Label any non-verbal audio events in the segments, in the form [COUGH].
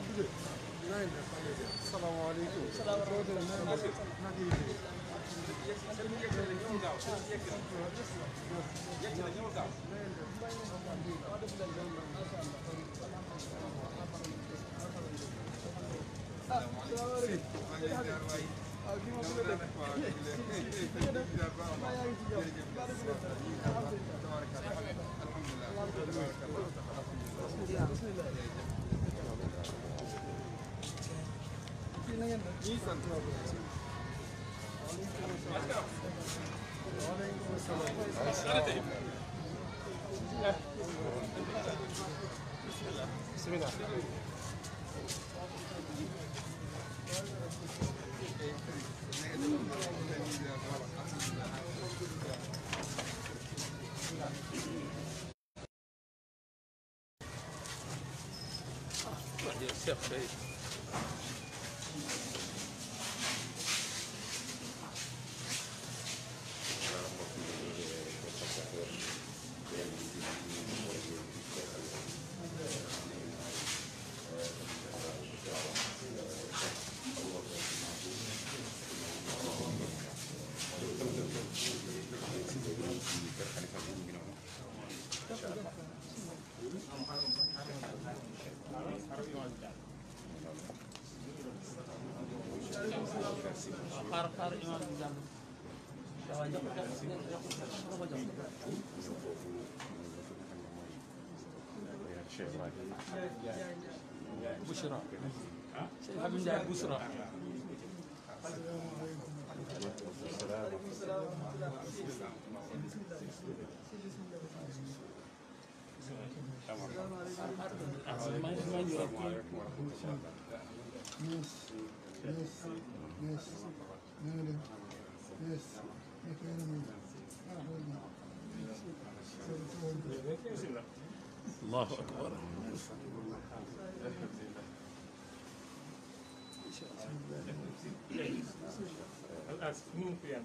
Abdou Ndiaye salaamaaleykum. salaamaaleykum. Bismillah. xaar imaam bi jàng waaw jox ko jox ko jox Bouchra Habib Ndiaye Bouchra Yes, yes, yes. Böyle. Yes. Efendim. Bismillah. Allahu Ekber. الآن من قيام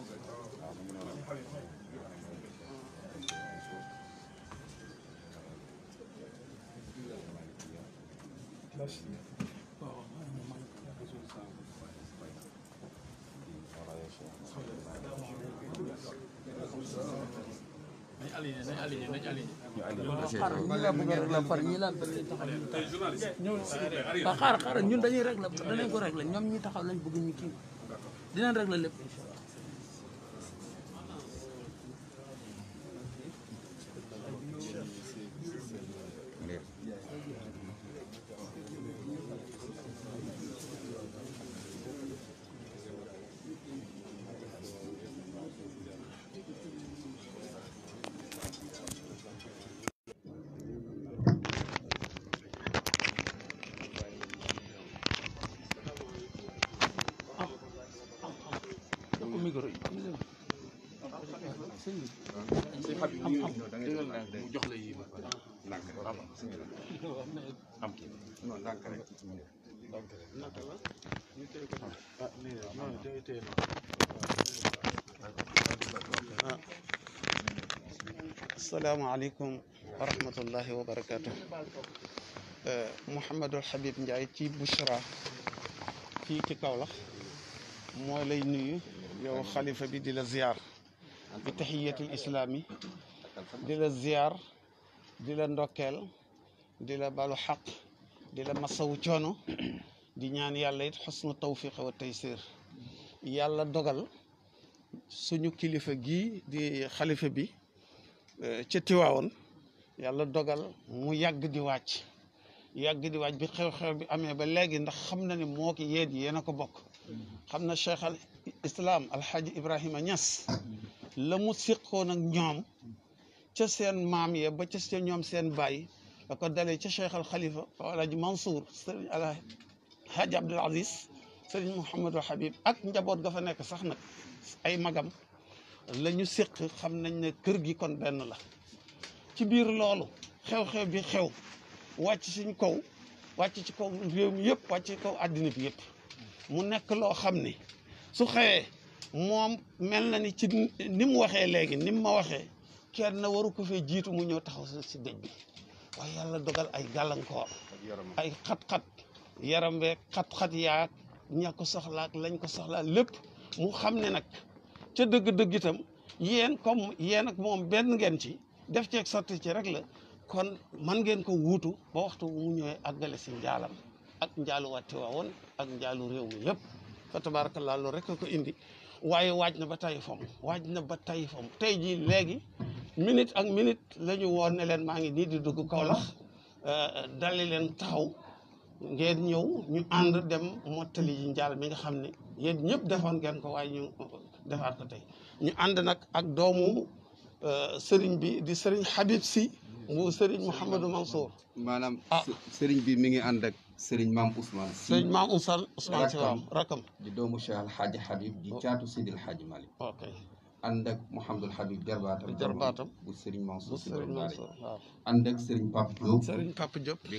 aligné nañ aligné. ñu xaar ñun dañuy régler danañ ko régler ñoom ñi taxaw lañ bëgg ñu kii dinañ régler lépp asalaamaaleykum wa rahmatullahi wa barakaatu. Eh, Mouhamadul Habib Ndiaye ci Bouchra fii ci Kaolack moo lay nuyu yow xalifa bi di la ziar bi tahiyatul islaami di la ziar di la ndokkeel di la balu xaq di la masawu coono di ñaan yàlla it xusnu tawfiq wa taysir yàlla dogal suñu kilifa gi di xalifa bi. Eh, ca Tiwaawoon yàlla dogal mu yàgg di wàcc yàgg di wàcc bi xew-xew bi amee ba léegi ndax xam na ni moo ki yéen yéen a ko bokk xam na cheikh al islam alxaaji Ibrahima ñas la mu siqoon nag ñoom ca seen maam ya ba seen ñoom seen baay la ko dalee ca cheikh al xalifa alaaji Mansour sëriñ alxaaji Abdul Aziz sëriñ Mouhamadou Habib ak njaboot ga fa nekk sax nag ay magam lañu séq xam nañ ne kër gi kon benn la ci biir loolu xew-xew bi xew wàcc suñ kaw wàcc ci kow réew mi yëpp wàcc ci kaw àddina bi yëpp mu nekk loo xam ni su xawee moom mel na ni ci ni mu waxee léegi ni mu ma waxee kenn waru ko fee jiitu mu ñëw taxaw si dëj bi waaye yàlla dogal ay gàllankoor ay xat-xat yaram we xat-xat yaag ña ko soxlaak lañ ko soxlaa lépp mu xam ne nag ca dëgg-dëgg itam yéen comme yéen ak moom benn ngeen ci def ceeg sotti ci rek la kon man ngeen ko wuutu ba waxtu mu ñëwee àggale si njaalam ak njaalu wàtti waawoon ak njaalu réew mi yëpp fa tabaarakallaa loolu rek ko indi waaye waaj na ba tay fam waaj na ba tay fam tey jii léegi minute ak minute la ñu woon ne leen maa ngi nii di dugg Kaolack euh, dali leen taxaw ngeen ñëw ñu ànd dem mottali ji njaal mi nga xam ne yéen ñëpp defoon ngeen ko waaye ñu defaat ko tey ñu ànd nag ak doomu euh, sëriñ bi di sëriñ Habib si mu sëriñ Mouhamadou Mansour maanaam ah. sëriñ bi mi ngi ànd ak sëriñ maam Ousmane si sëriñ maam Ousmane Ousmane si waaw rakam di doomu Cheikh Alhaaji Habib di oh. caatu Sidil Haaji Malik ok ànd ak Mouhamadul Habib jarbaatam jarbaatam bu Serigne Mansour si Serigne Mansour waaw ànd ak Serigne Pape Diop Serigne Pape Diop bi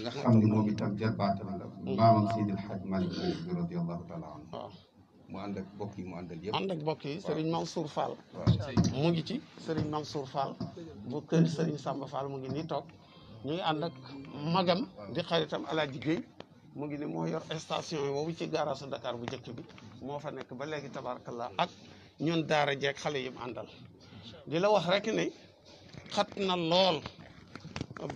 xam mu ànd ak bokk yi mu àndal yëpp. ànd ak bokk yi Serigne Mansour Fall. mu ngi ci Serigne Mansour Fall. bu kër Serigne Samba Fall mu ngi nii toog ñu ngi ànd ak magam di xaritam Alaaji Gueye mu ngi ni moo yor station boobu ci garage Dakar bu njëkk bi moo fa nekk ba léegi tabarakallaa ak ñun daara jeeg xale yi mu àndal di la wax rek ne xat na lool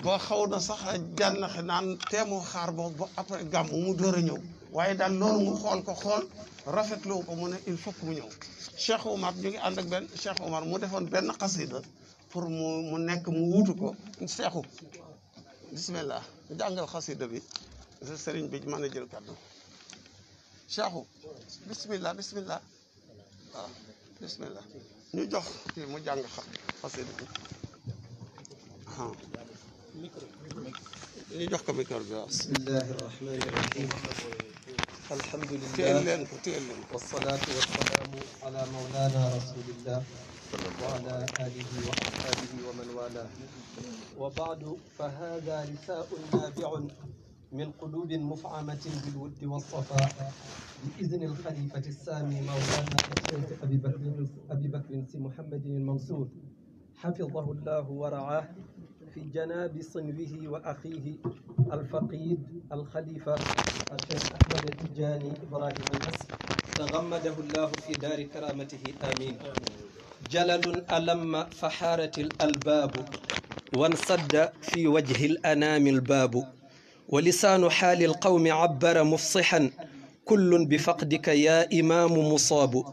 ba xaw na sax jànnaxe naan teemoo xaar boobu ba après gàmm mu door a ñëw waaye daal loolu mu xool ko xool rafetloo ko mu ne il faut que mu ñëw Cheikh Omar ñu ngi ànd ak benn Cheikh Omar mu defoon benn xasida pour mu mu nekk mu wuutu ko seexu bismillah mën a jël kàddu seexu ah, mu jàng xasida bi ñu jox ko micro bi waaw alhamdulillah teel leen ko teel leen ko wasalaatu wasalaamu ala mawlana rasulillah wa ala alihi wa ashabihi wa man walah wa baadu fa hada risaun naabiun من قلوب مفعمة بالود والصفاء بإذن الخليفة السامي مولانا الشيخ أبي بكر أبي بكر سي محمد المنصور حفظه الله ورعاه في جناب صنوه وأخيه الفقيد الخليفة الشيخ أحمد التجاني إبراهيم النس تغمده الله في دار كرامته آمين جلل ألم فحارت الألباب وانصد في وجه الأنام الباب ولسان حال القوم عبر مفصحا كل بفقدك يا إمام مصاب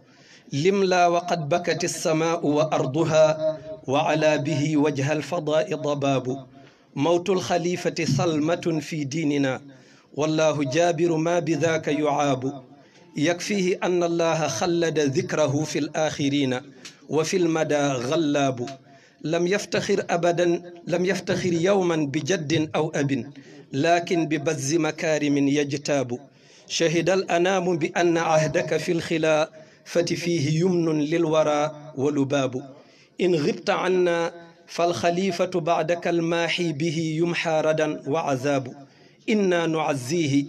لملا وقد بكت السماء وأرضها wa ala bihi wajha alfadaida baabu mawtu alxalifati salmatun fi diinina wallahu jaabiru ma bidaaka yucaabu yakfihi an allaha xallada dikrahu fi alaxirina wa fi lmada gallaabu lam yaftaxir abadan lam yaftaxir yowman bi jaddin aw abin lakin bi bazzi makaarimin yajtaabu shahida alanaamu bi anna ahdaka fi lxilaafati fiihi yumnun lilwara wa lubaabu in xibta anna falxalifatu baadaka almaaxi bihi yumxaa radan wa azaabu inna nuazzihi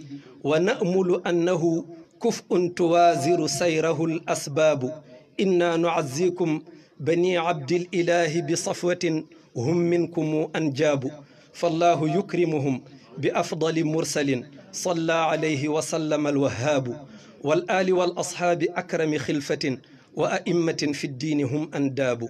wa namulu annahu kufun tuwaasiru sayrahu alasbaabu inna nuazzikum bani abdil ilaahi bi safwatin hum minkumu anjaabu fallahu yukrimuhum bi afdali mursalin salla alayhi wa sallama alwahaabu wal aali wal asxaabi akrami xilfatin wa a'immatin fi ddiini hum andaabu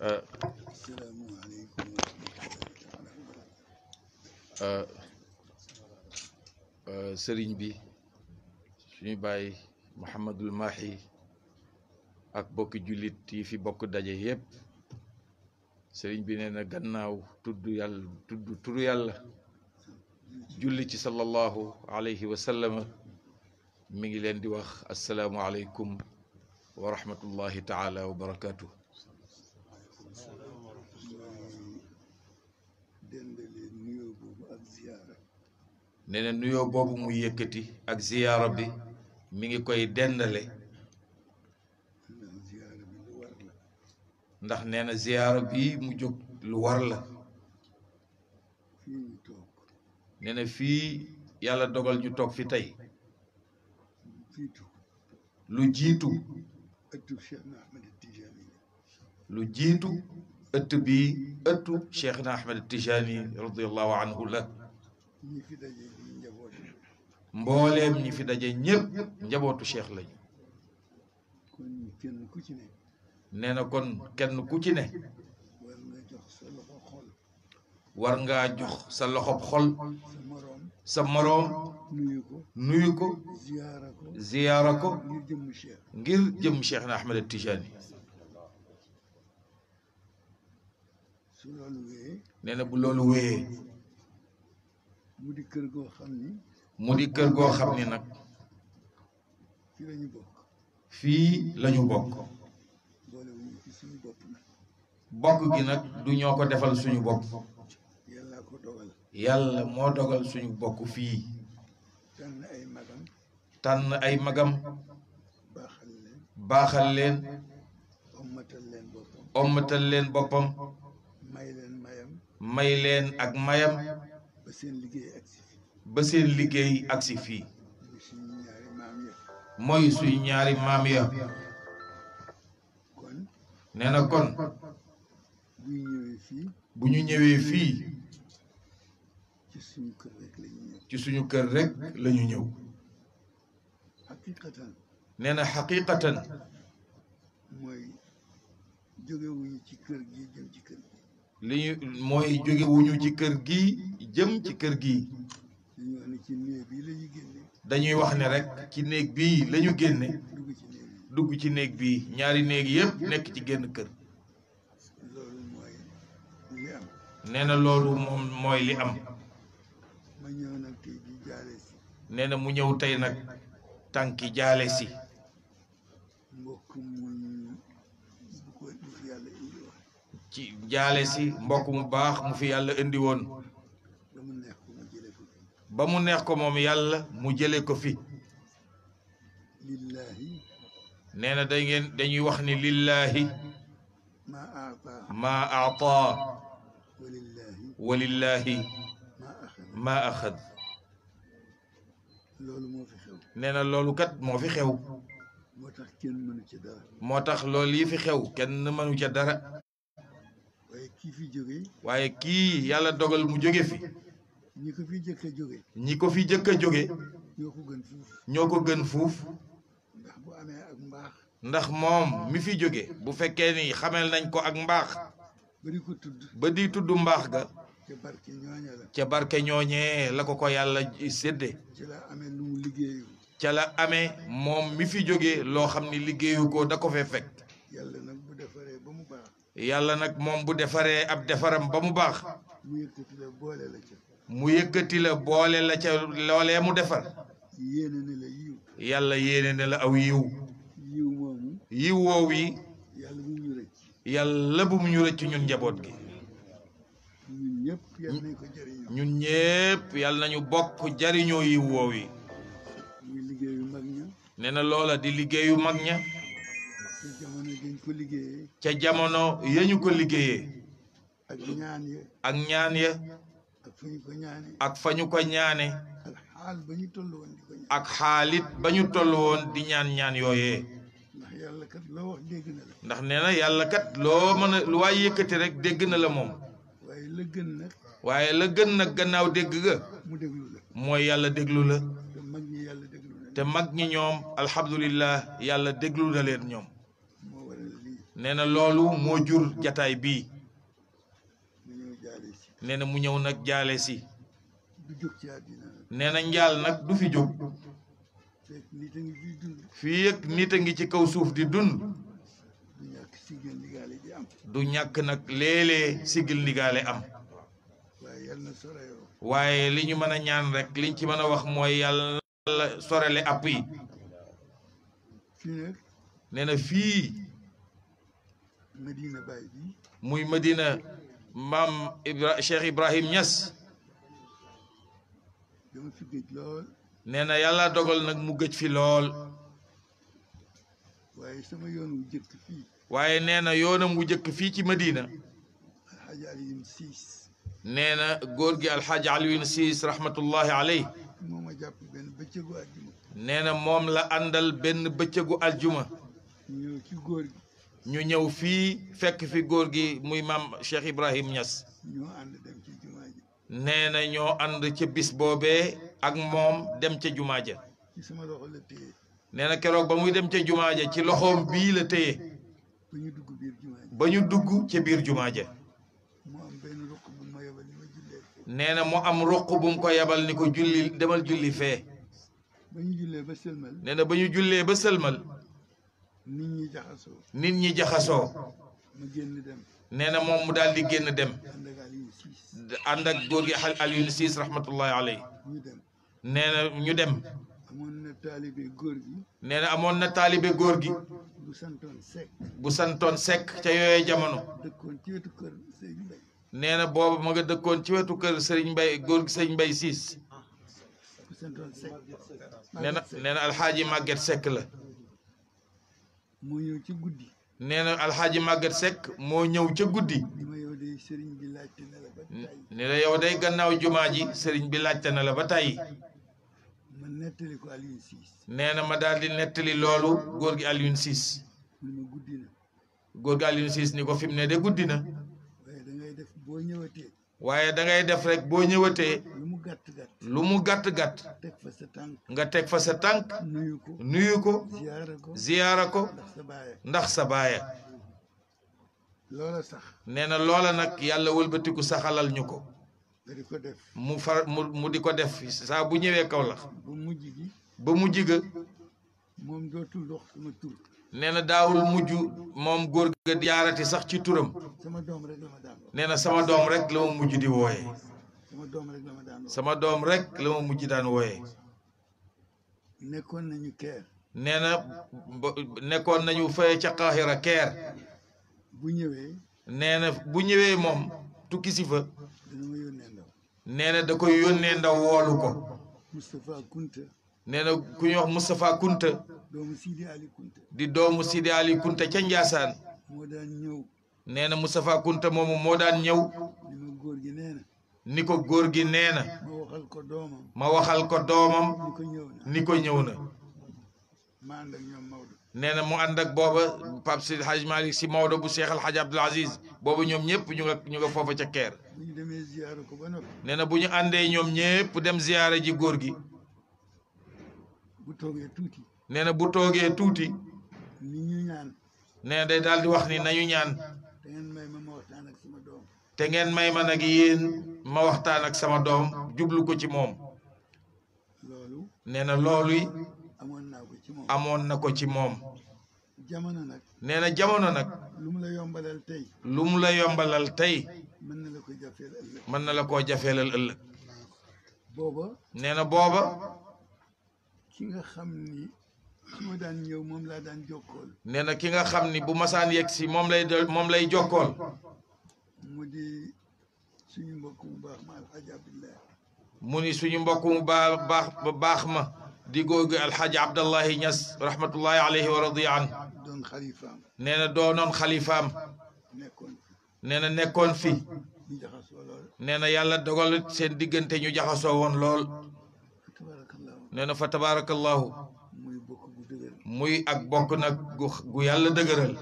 Eh, eh, sëriñ bi suñu bàyyi Mouhamadul Mahi ak bokki jullit yi fi bokk daje yépp sëriñ bi nee gannaaw tudd yàlla tudd turu yàlla julli ci sallallahu alayhi wa mu ngi leen di wax asalaamualeykum wa rahmatullahi taala wa barakaatu nee na nuyoo boobu mu yëkkati ak ziyaara bi mi ngi koy dendale ndax nee na ziyaara bi mu jóg lu war la nee na fii yàlla dogal ñu toog fi tey lu jiitu ëttu lu jiitu ëtt bi ëttu Cheikhna Ahmed Tijani radiyallahu anhu la ñi fi daje njaboot mbooleem ñi fi daje ñëpp njabootu cheikh lañu kon na kon kenn ku ci ne war nga jox sa loxo xol war ngaa jox sa loxob xol sa moroom nuyu ko ziyaara ko ngir jëm Cheikh na Ahmed Tijani nee na bu loolu wéyee mu di kër goo xam ni mu di kër goo xam ni nag fii lañu bokk bokk gi nag du ñoo ko defal suñu bopp yàlla ko dogal. yàlla moo dogal suñu bokk fii. tànn ay magam. tànn ay magam. baaxal leen. baaxal leen. ommatal leen boppam. may leen ak mayam. ba seen liggéey ak si fii. fii. mooy suñu ñaari maam ya. nee na kon. bu ñu ñëwee fii. bu ñu ñëwee fii. ci suñu kër rek la ñëw. ci suñu kër rek la ñu mooy jógewuñu ci kër gi jëm ci kër gi. li ñu mooy ci dañuy wax ne ci néeg bi la génne. dañuy ci néeg bii la génne. dugg ci néeg bii ñaari néeg yëpp nekk ci génn kër. loolu nee na loolu moom mooy li am. ñëw na mu ñëw tey nag tànki jaale si. mbokk mu jaale si mbokk mu baax mu fi yàlla indi woon. ba mu neex ko moom yàlla mu jële ko fi. lillahi. nee ngeen dañuy wax ni lillahi. ma aata. ma aata. maa axad loolu na loolu kat moo fi xew moo tax kenn mënu moo tax loolu yi fi xew kenn mënu ca dara waaye kii fi jóge waaye kii yàlla dogal mu jóge fi ñi ko fi jëkk jóge ñi ko fi jëkk a jóge ñoo ko gën fuuf ñoo ko gën fuuf ndax bu amee ak mbaax ndax moom mi fi jóge bu fekkee ni xamel nañ ko ak mbaax ba di ko ba di tudd mbaax ga ca barke ñooñee la ko ko yàlla sédde ca la amee lu mu liggéeyu ca la amee moom mi fi jóge loo xam ni liggéeyu ko da ko fee fekk yàlla nag defaree ba nag moom bu defaree ab defaram ba mu baax mu yëkkati la boole la ca mu yëkkati la boole la ca loolee mu defar yéene ne la yàlla yéene ne la aw yiw yiw moomu yi yàlla bu ñu rëcc yàlla bu mu ñu rëcc ñun njaboot gi ñun ñëpp yàlla nañu bokk jariñoo yi woow yi nee na loola di liggéeyu mag ña ca jamono yañu ko liggéeyee ak ñaan ya ak fa ñu ko ñaane ak xaalit ba ñu toll woon di ñaan ñaan yooyee ndax nee na yàlla loo mën a lu waay yëkkati rek dégg na la moom gën nag. waaye la gën nag gannaaw dégg ga. mooy yàlla déglu la. te mag ñi ñoom alhamdulilah yàlla déglu na leen ñoom. nee loolu moo jur jataay bii. nee mu ñëw nag jaale si. neena njaal nag du fi jóg. fii ak nit a ngi ci kaw suuf di dund. du ñàkk nag léeg-léeg sigil ndigaale am. waaye li ñu mën a ñaan rek liñ ci mën a wax mooy yàlla sorele app yi nee na fii muy Medina maam Ibra Cheikh Ibrahim Niass nee na yàlla dogal nag mu gëj fi lool waaye sama yoon nee na yoonam wu jëkk fii ci Medina nee na góor gi alxaaji Alioune Ciss rahmatullahi aley moo na moom la àndal benn bëccëgu aljuma ñëw ñu ñëw fii fekk fi góor gi muy maam Cheikh Ibrahim Niass ñoo nee na ñoo ànd ca boobee ak moom dem ca juma ja ci na keroog ba muy dem ca jumaa ja ci loxoom bii la téye ba ñu dugg biir jumaa dugg ca biir jumaa ja nee na mu am ruq bu mu ko yebal ni ko julli demal julli fee. ba ba na ba ñu jullee ba sëlmal. nit ñi jaxasoo. nit ñi jaxasoo. mu génn dem. nee na moom mu daal di génn dem. ànd ak góor gi Alioune Cissé rahmatullahi alayhi. nee na ñu dem. amoon nee amoon na taalibe góor gi. bu santoon sekk. bu santoon sekk ca yooyee jamono. nee na booba ma nga dëkkoon ci wetu kër Serigne Mbaye góor gi Serigne Mbaye siis nee na nee na alxaaji Maguette Seck la moo ñëw ci guddi nee na alxaaji Maguette Seck moo ñëw ca guddi ne la yow day gannaaw jumaa ji sëriñ bi laajte na la ba tàyyi nee na ma daal nettali loolu góor gi Alioune Cissé góor gi Alioune Cissé ni ko fi mu ne de guddi na boo ñëwatee. waaye da ngay def rek boo ñëwatee. lu mu gàtt gàtt. lu mu gàtt gàtt. nga teg fa sa tànk. nga teg nuyu ko ko. ziyaara ko ndax sa baaya. loola nee na loola nag yàlla wëlbatiku saxalal ñu ko. di mu far mu di ko def saa bu ñëwee kaw la. ba mujj gi. ba nee na daawul mujj moom góor ga jaarati sax ci turam nee na sama doom rek la ma mujj di wooye sama doom rek la ma mujj daan wooye nekkoon nañu keer nee na nekkoon nañu fay ca Qahira keer bu ñëwee neena bu ñëwee moom tukki si fa nee na da koy yónnee ndaw woolu ko nee na ku ñuy wax Moustapha Kunta di doomu Sidi Ali ca Njaasaan. moo daan ñëw. na Moustapha Kunta moomu moo daan ñëw. ni ko góor gi nee ko góor gi nee na. ma waxal ko doomam. ma waxal ko doomam. ni ko ñëw na. ma ànd na mu ànd ak booba Pape Sidi Hadj Malick si Maodo bu seexal Al Hadj Aziz boobu ñoom ñëpp ñu nga foofa ca Caire. nee na bu ñu àndee ñoom ñëpp dem ziyaara ji góor gi. bu toogee tuuti. nee na bu toogee tuuti ni ñuy ñaan nee day daal wax ni nañu ñaan te ngeen may ma nag yéen ma waxtaan ak sama doom jublu ko ci moom nee na loolu amoon na ko ci moom jamono nag nee na jamono nag lumu la yombalal tey lu la yombalal tey mën na la jafeelal ëllëg mën na la koo jafeelal ëllëg booba nee na booba ki nga xam ni moo daan moom laa daan jokkool. nee na ki nga xam ni bu masaan yegg si moom lay moom lay jokkool. mu suñu mbokk ni suñu mbokk mu baax baax ma di googu alxaaji abdallahi ñas rahmatullahi alayhi wa radiya an. doon xalifaam. na doonoon xalifaam. nekkoon nee na nekkoon fi. nee na yàlla dogal seen diggante ñu jaxasoo woon lool. nee na fa tabaarakallahu muy ak bokk nag gu gu yàlla dëgëral.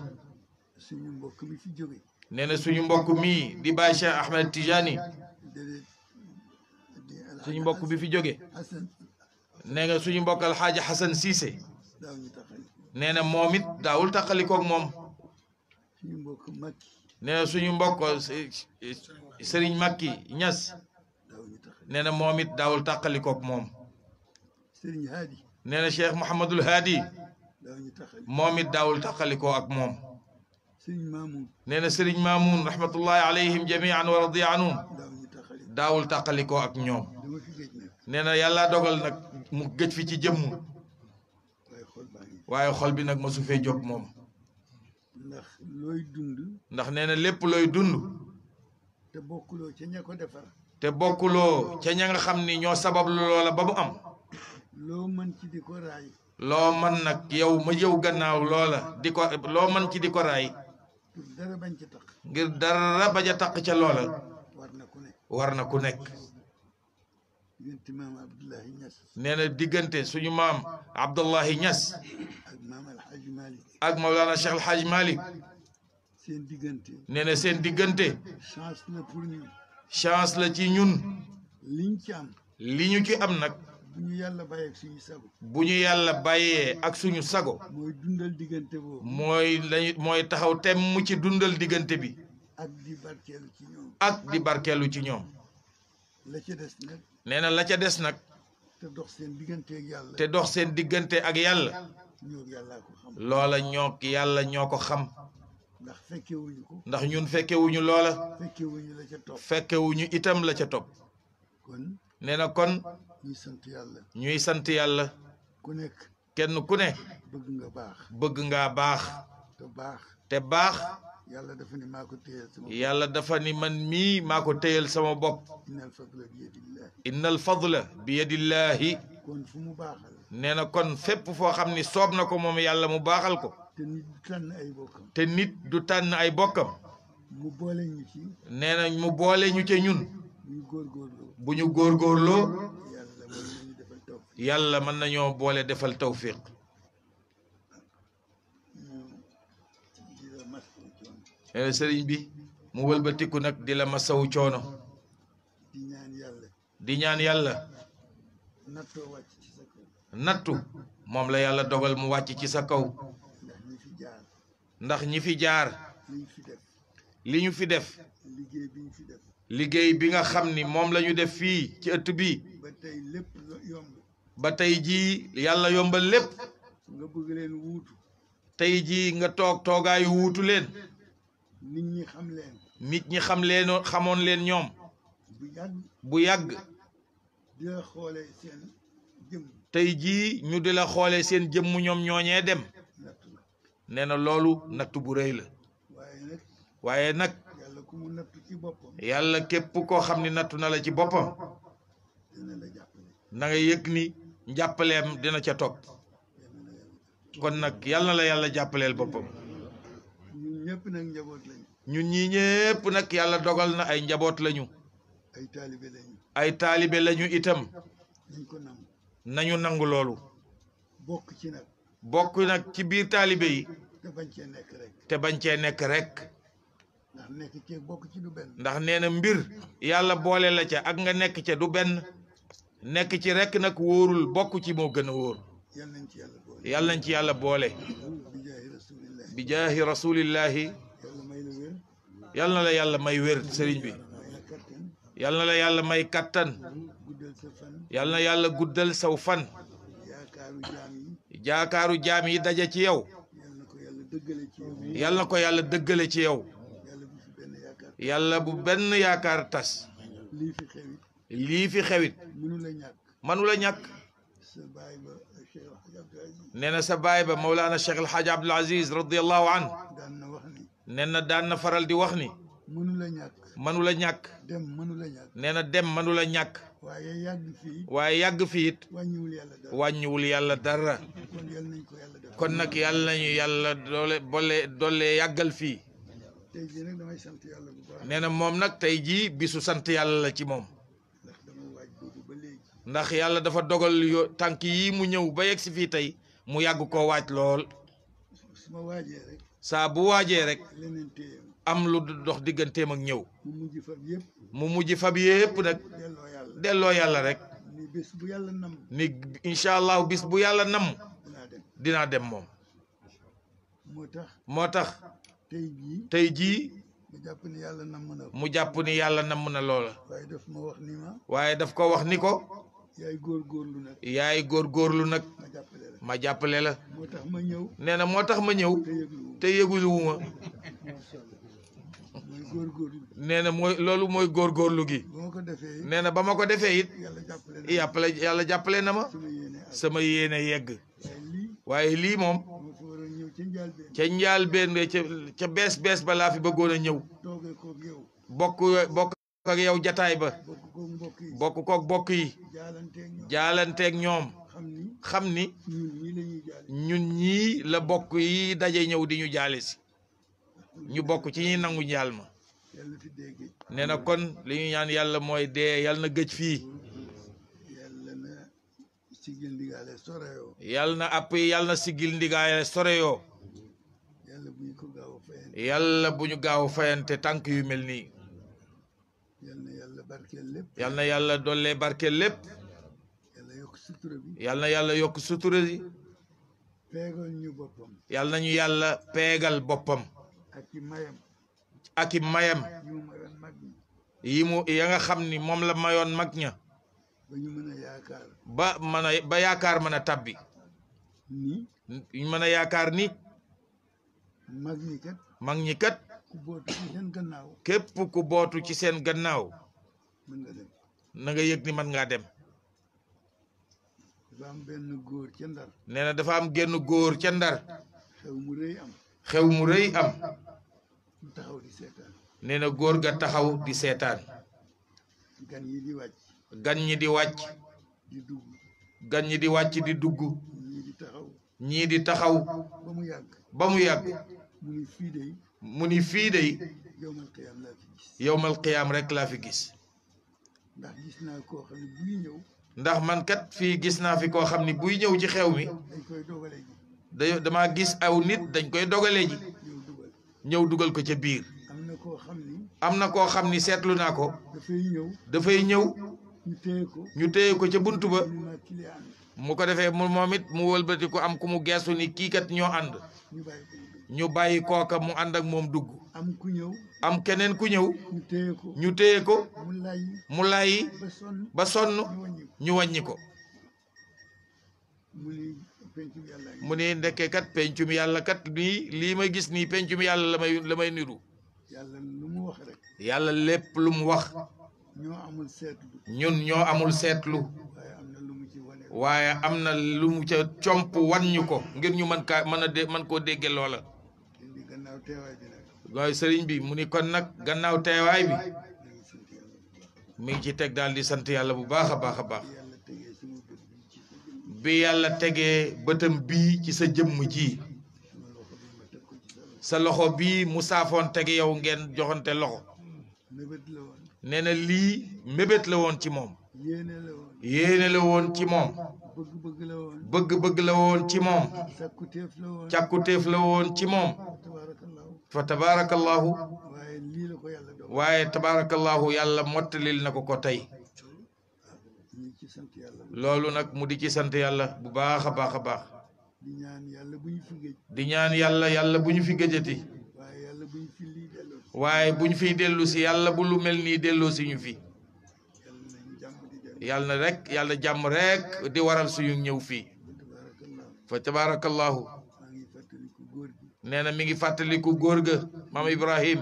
suñu mbokk fi jóge. nee na suñu mbokk mii di Baye Cheikh Ahmed Tijani. suñu mbokk bi fi jóge. nee nga suñu mbokk Alxaaji Xasan Siise. nee na moom it daawul taqalikoog moom. nee suñu mbokk Sëriñ Makki Ñas. nee na moom it daawul taqalikoog moom. moom it daawul taqalikoo ak moom nee na sëriñ Maamun rahmatullahi alayhim jamian wa radiya anhum daawul taqalikoo ak ñoom nee na yàlla dogal nag mu gëj fi ci jëmm waaye xol bi nag masu fee jóg moom ndax looy nee na lépp looy dund te bokkuloo ca ko defar te bokkuloo ca ña nga xam ni ñoo sabablu loola ba mu am loo mën ci di loo man nag yow ma jëw gannaaw loola di ko loo man ci di ko raay ngir dara bañ a taq ca loola war na ku nekk nee na diggante suñu maam Abdullahi ñas ak Mawlana Cheikh El Hadj Malick nee na seen diggante chance la ci ñun li ñu ci am nag bu ñu yàlla bàyyee ak suñu sago. bu ñu yàlla bàyyee ak suñu sago. mooy dundal diggante boobu. mooy taxaw tem mu ci dundal diggante bi. ak di barkeelu ci ñoom. barkeelu ci ñoom. la ca des nee na la ca des nag. te dox seen diggante ak yàlla. te dox seen diggante ak yàlla. loola ñoo yàlla ñoo ko xam. ndax ndax ñun fekkewuñu loola. fekkewuñu la ca itam la ca topp. nee na kon. ñuy sant yàlla. ñuy sant yàlla. ku nekk. kenn ku ne. bëgg nga baax. bëgg ngaa baax. te baax. te baax. yàlla dafa ni maa ko téyel sama yàlla dafa ni man mii maa ko sama bopp. innal fadla bi yadillahi. nee na kon fépp foo xam ne soob na ko moom yàlla mu baaxal ko. te nit du tànn ay bokkam. te nit du tànn ay bokkam. mu boole ci. nee na mu boole ñu ca ñun. bu ñu góorgóorloo. bu yàlla mën nañoo boole defal tawfiq sëriñ bi mu wëlbatiku nag di la masawu coono di ñaan yàlla nattu moom la yàlla dogal mu wàcc ci sa kaw ndax ñi fi jaar li ñu fi def liggéey bi nga xam ni moom lañu def fii ci ëtt bi ba tey jii yàlla yombal lépp nga bëgg leen wuutu tey jii nga toog toogaay wuutu leen nit ñi xam leen nit ñi xam leen xamoon leen ñoom bu yàgg bu tey jii ñu di la xoole seen jëmm ñoom ñooñee dem nee na loolu natt bu rëy la waaye nag yàlla yàlla képp koo xam ne nattu na la ci boppam na yëg ni njàppaleem dina ca topp kon nag yàlla na la yàlla jàppaleel boppam ñun ñëpp nag yàlla dogal na ay njaboot lañu ay taalibe lañu ay taalibe lañu itam nañu nangu loolu bokk ci nag ci biir taalibe yi te bañ cee nekk rek ndax nekk bokk ci nee na mbir yàlla boole la ca ak nga nekk ca du benn nekk ci rekk nag wóorul bokk ci moo gën a wóor yàlla nañ ci yàlla boole bi jaahi yàlla na la yàlla may wér sëriñ bi yàlla na la yàlla may kattan yàlla na yàlla guddal saw fan jaakaaru jaam yi daje ci yow yàlla ko yàlla dëggale ci yow yàlla bu benn yaakaar tas lii fi xewit mënula ñàkk mënula ñàkk nee na sa baay ba Mawlana Cheikh El Hadj Abdoul Aziz radiyallahu anhu nee na daan na faral di wax ni mënula ñàkk mënula ñàkk dem mënula ñàkk nee na dem mënula ñàkk waaye yàgg fii it wàññiwul yàlla dara kon nag yàlla nañu yàlla doole yàggal fii nee moom nag tey jii bisu sant yàlla la ci moom ndax yàlla dafa dogal tànk yi mu ñëw ba yegg si fii tey mu yàgg koo waaj lool saa bu waajee rek am lu dox digganteem ak ñëw mu mujj fab yépp nag delloo yàlla rek ni incha allahu bis bu yàlla nam dinaa dem moom moo tax tey jii mu jàpp ni yàlla namm na loola waaye daf ko wax ni ko yaay góorgóorlu nag. yaay góorgóorlu nag. ma jàppale la ma moo tax ma ñëw. nee na moo tax ma ñëw. te yëguluwu ma. mooy nee na mooy loolu mooy góorgóorlu gi. ba ma ko defee nee na ba ma ko defee yàppale yàlla jàppale na ma. sama yéene yegg. waaye lii moom. ca njaal benn ca bees bees ba laa fi bëggoon a ñëw. bokk bokk. ak yow jataay ba bokk koog bokk yi ñoom xam ni ñun ñii la bokk yi daje ñëw di ñu jaale ñu bokk ci ñi nangu njaal ma nee na kon li ñu ñaan yàlla mooy dee yàlla na gëj fii yàlla na ap yi yàlla na sigil ndigaale sore yoo yàlla bu ñu gaaw a tànk yu mel nii yal na yàlla dollee barkeel lépp yal na yàlla yokk sutura yi peegal ñu boppam yal na ñu yàlla peegal boppam ak i mayam ak i mayam ya nga xam ni moom la mayoon mag ña ba ñu yaakaar ba mën a yaakaar mën a tabbi ñu yaakaar ni mag ñi kat mag ñi képp ku bootu ci seen gannaaw nanga nga dem. na yëg ni man ngaa dem. benn góor ca ndar. nee na dafa am genn góor ca ndar. xew mu rëy am. xew mu rëy am. mu nee na góor ga taxaw di seetaan. gan ñi di wàcc. gan ñi di wàcc. di dugg. ñii di taxaw. ba mu yàgg. ba mu yàgg. mu ni fii de. mu ni fii yowmal qiyaam rek laa fi gis. ndax gis naa koo ñëw. ndax man kat fii gis naa fi koo xam ni buy ñëw ci xew mi. dañ koy dogalee da damaa gis aw nit dañ koy dogalee ji. ñëw dugal ko ca biir. am na koo xam ni. am na koo xam ni seetlu naa ko. dafay ñëw. dafay ñëw. ñu téye ko ca bunt ba. mu ko defee mu moom it mu wëlbati ko am ku mu geesu ni kii kat ñoo ànd. ñu bàyyi kooka mu ànd ak moom dugg. am ñëw. am keneen ku ñëw. ñu téye ko mu lay ba sonn ñu wàññi ko. mu ne ndekkee kat pencum yàlla kat nii lii may gis nii pencum yàlla la may la may niru. yàlla lu mu wax lépp lu mu wax. ñoo amul seetlu. ñun ñoo amul seetlu. waaye am na lu mu ca comp wan ñu ko ngir ñu mën kaa mën a dé mën koo déggee waaye sëriñ bi mu ni kon nag gannaaw teewaay bi mu ngi ci teg daal di sant yàlla bu baax a baax a baax bi yàlla tegee bëtam bii ci sa jëmm ji sa loxo bi mu saafoon teg yow ngeen joxante loxo nee na lii mébét la woon ci moom yéene la woon ci moom bëgg-bëgg la woon ci moom càkkutéef la woon ci moom fa tabaarakallahu waaye tabaarakallahu yàlla mottalil na ko ko tey loolu nag mu di ci sant yàlla bu baax a baax a baax di ñaan yàlla yàlla bu ñu fi gëjati waaye bu ñu fiy dellu si yàlla bu lu mel nii delloo si ñu fi yàlla na rek yàlla jàmm rek di waral suñu ñëw fii nee na mi ngi fàttaliku góor ga maam Ibrahim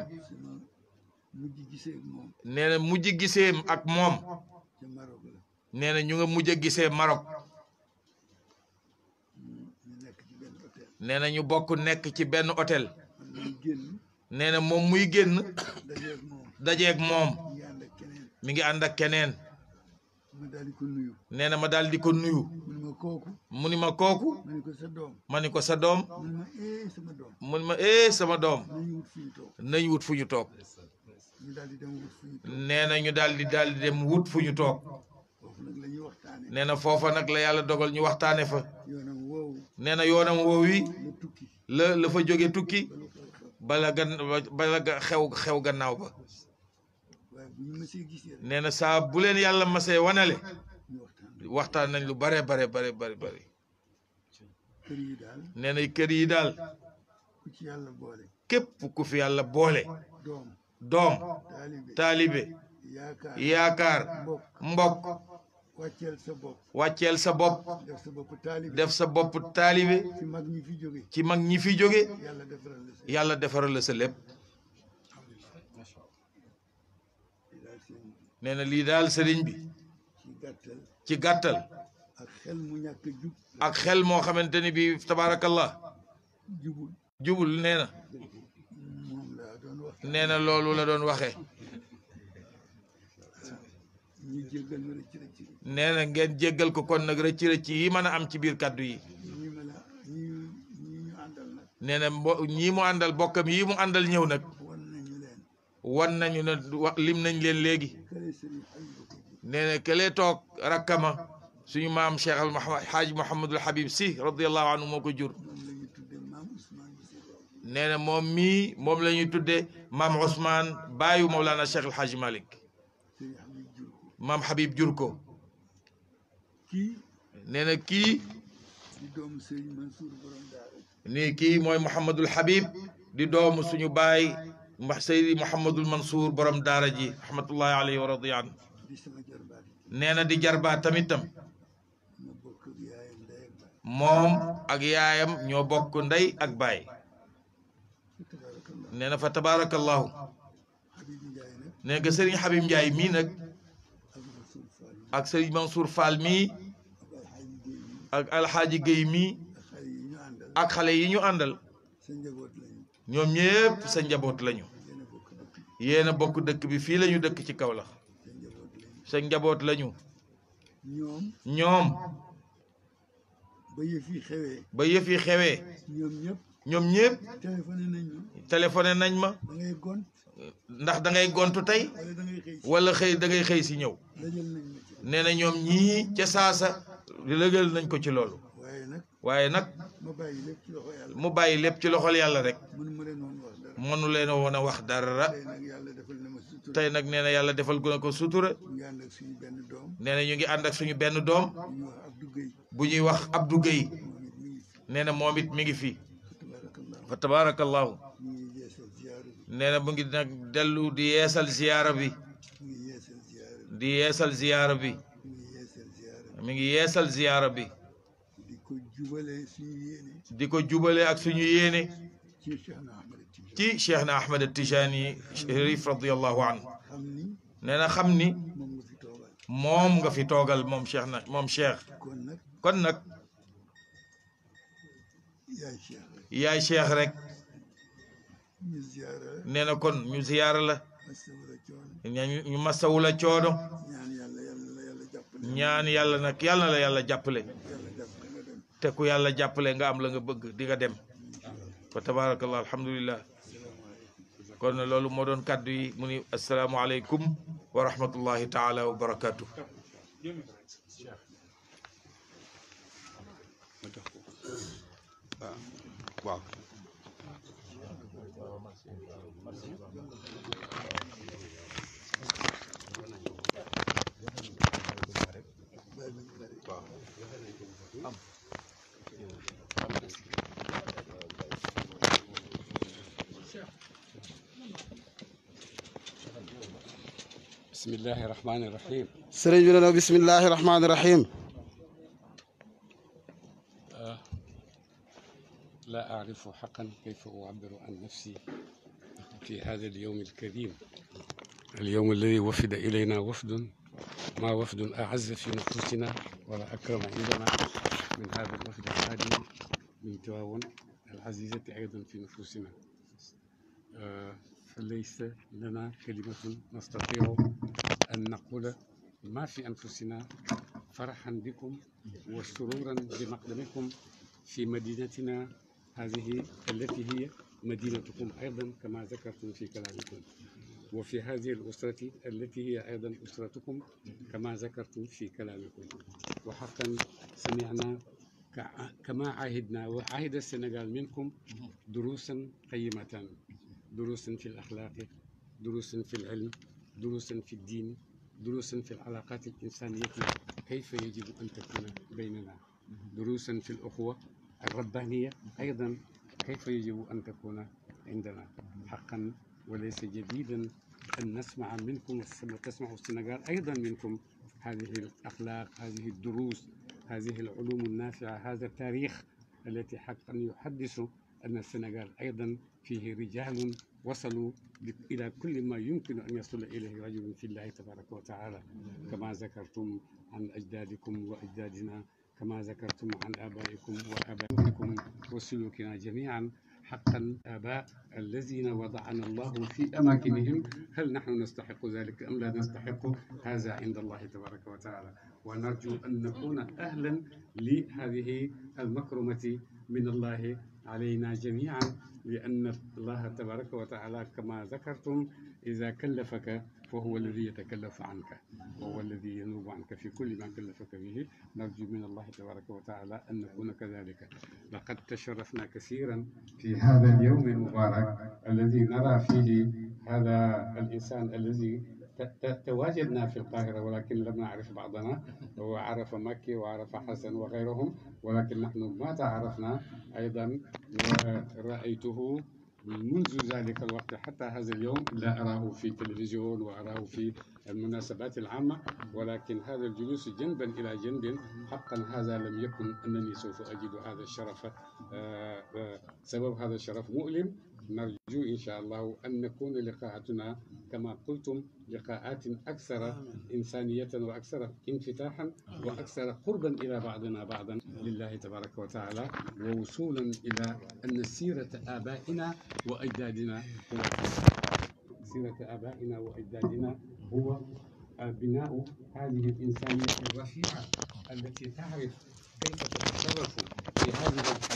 nee na mujj giseem ak moom nee na ñu nga mujj a gisee Maroc nee na ñu bokk nekk ci benn hôtel nee na moom muy génn dajeeg moom mi ngi ànd keneen nee na ma daldi ko nuyu. kooku. mu ni ma kooku. ma ni ko sa doom. ma ni ko sa doom. mu ni ma eh sama doom. Eh, nañ wut fu ñu toog. nee na ñu daal di daal di dem wut fu ñu toog. nee na foofa nag la yàlla dogal ñu waxtaane fa. nee na yoonam woow wi la la fa jóge tukki. bala bala xew xew gannaaw ba. nee na saa bu yàlla masee wanale. waxtaan nañ lu bare bare bare bare bare kër nee na kër yi daal ku ci yàlla boole képp ku fi yàlla boole doom doom taalibe yaakaar mbok wàcceel sa bopp sa bopp def sa bopp taalibe ci mag ñi fi jóge ci mag ñi yàlla defaral la sa lépp lii daal sëriñ bi ci gàttal ak xel moo xamante ni bii tabaarakallah jubul jubul nee na na loolu la doon waxe neena ngeen jéggal ko kon nag rëcc rëcc yi mën a am ci biir kàddu yi nee na mbo ñii mu àndal mbokkam yi mu àndal ñëw nag wan nañu ne lim nañ leen léegi nee na kelee toog rakkama suñu maam cheikh al xaaji mouhamadul habib si radiallahu anhu moo ko jur nee na moom mii moom la ñuy tudde maam ousmane baayu mawlaana cheikh al xaaji malik maam habib jur ko nee na kii nii kii mooy mouhamadul habib di doomu suñu baay seydi mouhamadul mansour borom daara ji rahmatullahi alayhi wa radiya anhu nee na di jarbaat tam moom ak yaayam ñoo bokk ndey ak baay nee na fa tabaarakallaahu nee nga sëriñ Habib Ndiaye mii nag ak sëriñ Mansour Fall mii ak alxaaji Guèye mii ak xale yi ñu àndal ñoom ñëpp sa njaboot lañu yéen bokk dëkk bi fii lañu dëkk ci Kaolack sa njaboot lañu ñoom ñoom ba yëf yi xewee ba yëf xewee ñoom ñëpp ñoom nañ ma téléphoné gont ndax da gontu tey walla xëy da ngay xëy si ñëw nee na ñoom ñii ca saasa lëgal nañ ko ci loolu waaye nag mu bàyyi lépp ci loxol yàlla rek mënu leen woon a wax dara tey nag nee na yàlla defal gu na ko sutura nee na ñu ngi ànd ak suñu benn doom bu ñuy wax Abdou Gueye nee na moom it mi ngi fi fa tabaarakallaahu nee na mu ngi nag dellu di yeesal ziyaara bi di yeesal ziyaara bi mi ngi yeesal ziyaara bi di ko jubale ak suñu yéene ci Cheikhna Ahmed Tijani Cherif radiyallahu anhu nee na xam ni moom nga fi toogal moom Cheikh na moom Cheikh kon nag yaay Cheikh rek nee na kon ñu ziyaara la ñu masawu la coono ñaan yàlla nag yàlla na la yàlla jàppale te ku yàlla jàppale nga am la nga bëgg di nga dem fa tabarakallah alhamdulillah kon loolu moo doon kàddu yi mu ni asalaamualeykum wa rahmatullahi taala wa bismillahi rahmaani rahim. sëriñ bi nag bismillahi rahmaani rahim. Ah, la aarifu xaqan kayfa uabiru an nafsi fi hada alyawm alkarim alyawm alladi wafida ilayna wafdun ma wafdun aazza fi nufuusina wala akrama indana min hada alwafd alqaadim min tiwaawon alazizati aydan fi nufuusina ah, falaysa lana kalimatun nastatiicu أن نقول ما في أنفسنا فرحا بكم وسرورا بمقدمكم في مدينتنا هذه التي هي مدينتكم أيضا كما ذكرتم في كلامكم وفي هذه الأسرة التي هي أيضا أسرتكم كما ذكرتم في كلامكم وحقا سمعنا كما عهدنا وعهد السنغال منكم دروسا قيمة دروس في الأخلاق دروس في العلم دروسا في الدين دروسا في العلاقات الإنسانية كيف يجب أن تكون بيننا دروسا في الأخوة الربانية أيضا كيف يجب أن تكون عندنا حقا وليس جديدا أن نسمع منكم وتسمع السنغال أيضا منكم هذه الأخلاق هذه الدروس هذه العلوم النافعة هذا التاريخ التي حقا يحدث أن السنغال أيضا فيه رجال وصلوا إلى كل ما يمكن أن يصل إليه رجل في الله تبارك وتعالى كما ذكرتم عن أجدادكم وأجدادنا كما ذكرتم عن آبائكم وآبائكم وسلوكنا جميعا حقا آباء الذين وضعنا الله في أماكنهم هل نحن نستحق ذلك أم لا نستحق هذا عند الله تبارك وتعالى ونرجو أن نكون أهلا لهذه المكرمة من الله علينا جميعا لأن الله تبارك وتعالى كما ذكرتم إذا كلفك فهو الذي يتكلف عنك وهو الذي ينوب عنك في كل ما كلفك به نرجو من الله تبارك وتعالى أن نكون كذلك لقد تشرفنا كثيرا في هذا اليوم المبارك الذي نرى فيه هذا الإنسان الذي تواجدنا في القاهرة ولكن لم نعرف بعضنا هو عرف مكي وعرف حسن وغيرهم ولكن نحن ما تعرفنا أيضا ورأيته منذ ذلك الوقت حتى هذا اليوم لا أراه في التلفزيون وأراه في المناسبات العامة ولكن هذا الجلوس جنبا إلى جنب حقا هذا لم يكن أنني سوف أجد هذا الشرف سبب هذا الشرف مؤلم نرجو إن شاء الله أن نكون لقاءاتنا كما قلتم لقاءات أكثر إنسانية وأكثر انفتاحا وأكثر قربا إلى بعضنا بعضا لله تبارك وتعالى ووصولا إلى أن سيرة آبائنا وأجدادنا هو سيرة آبائنا وأجدادنا هو بناء هذه الإنسانية الرفيعة التي تعرف كيف تتصرف في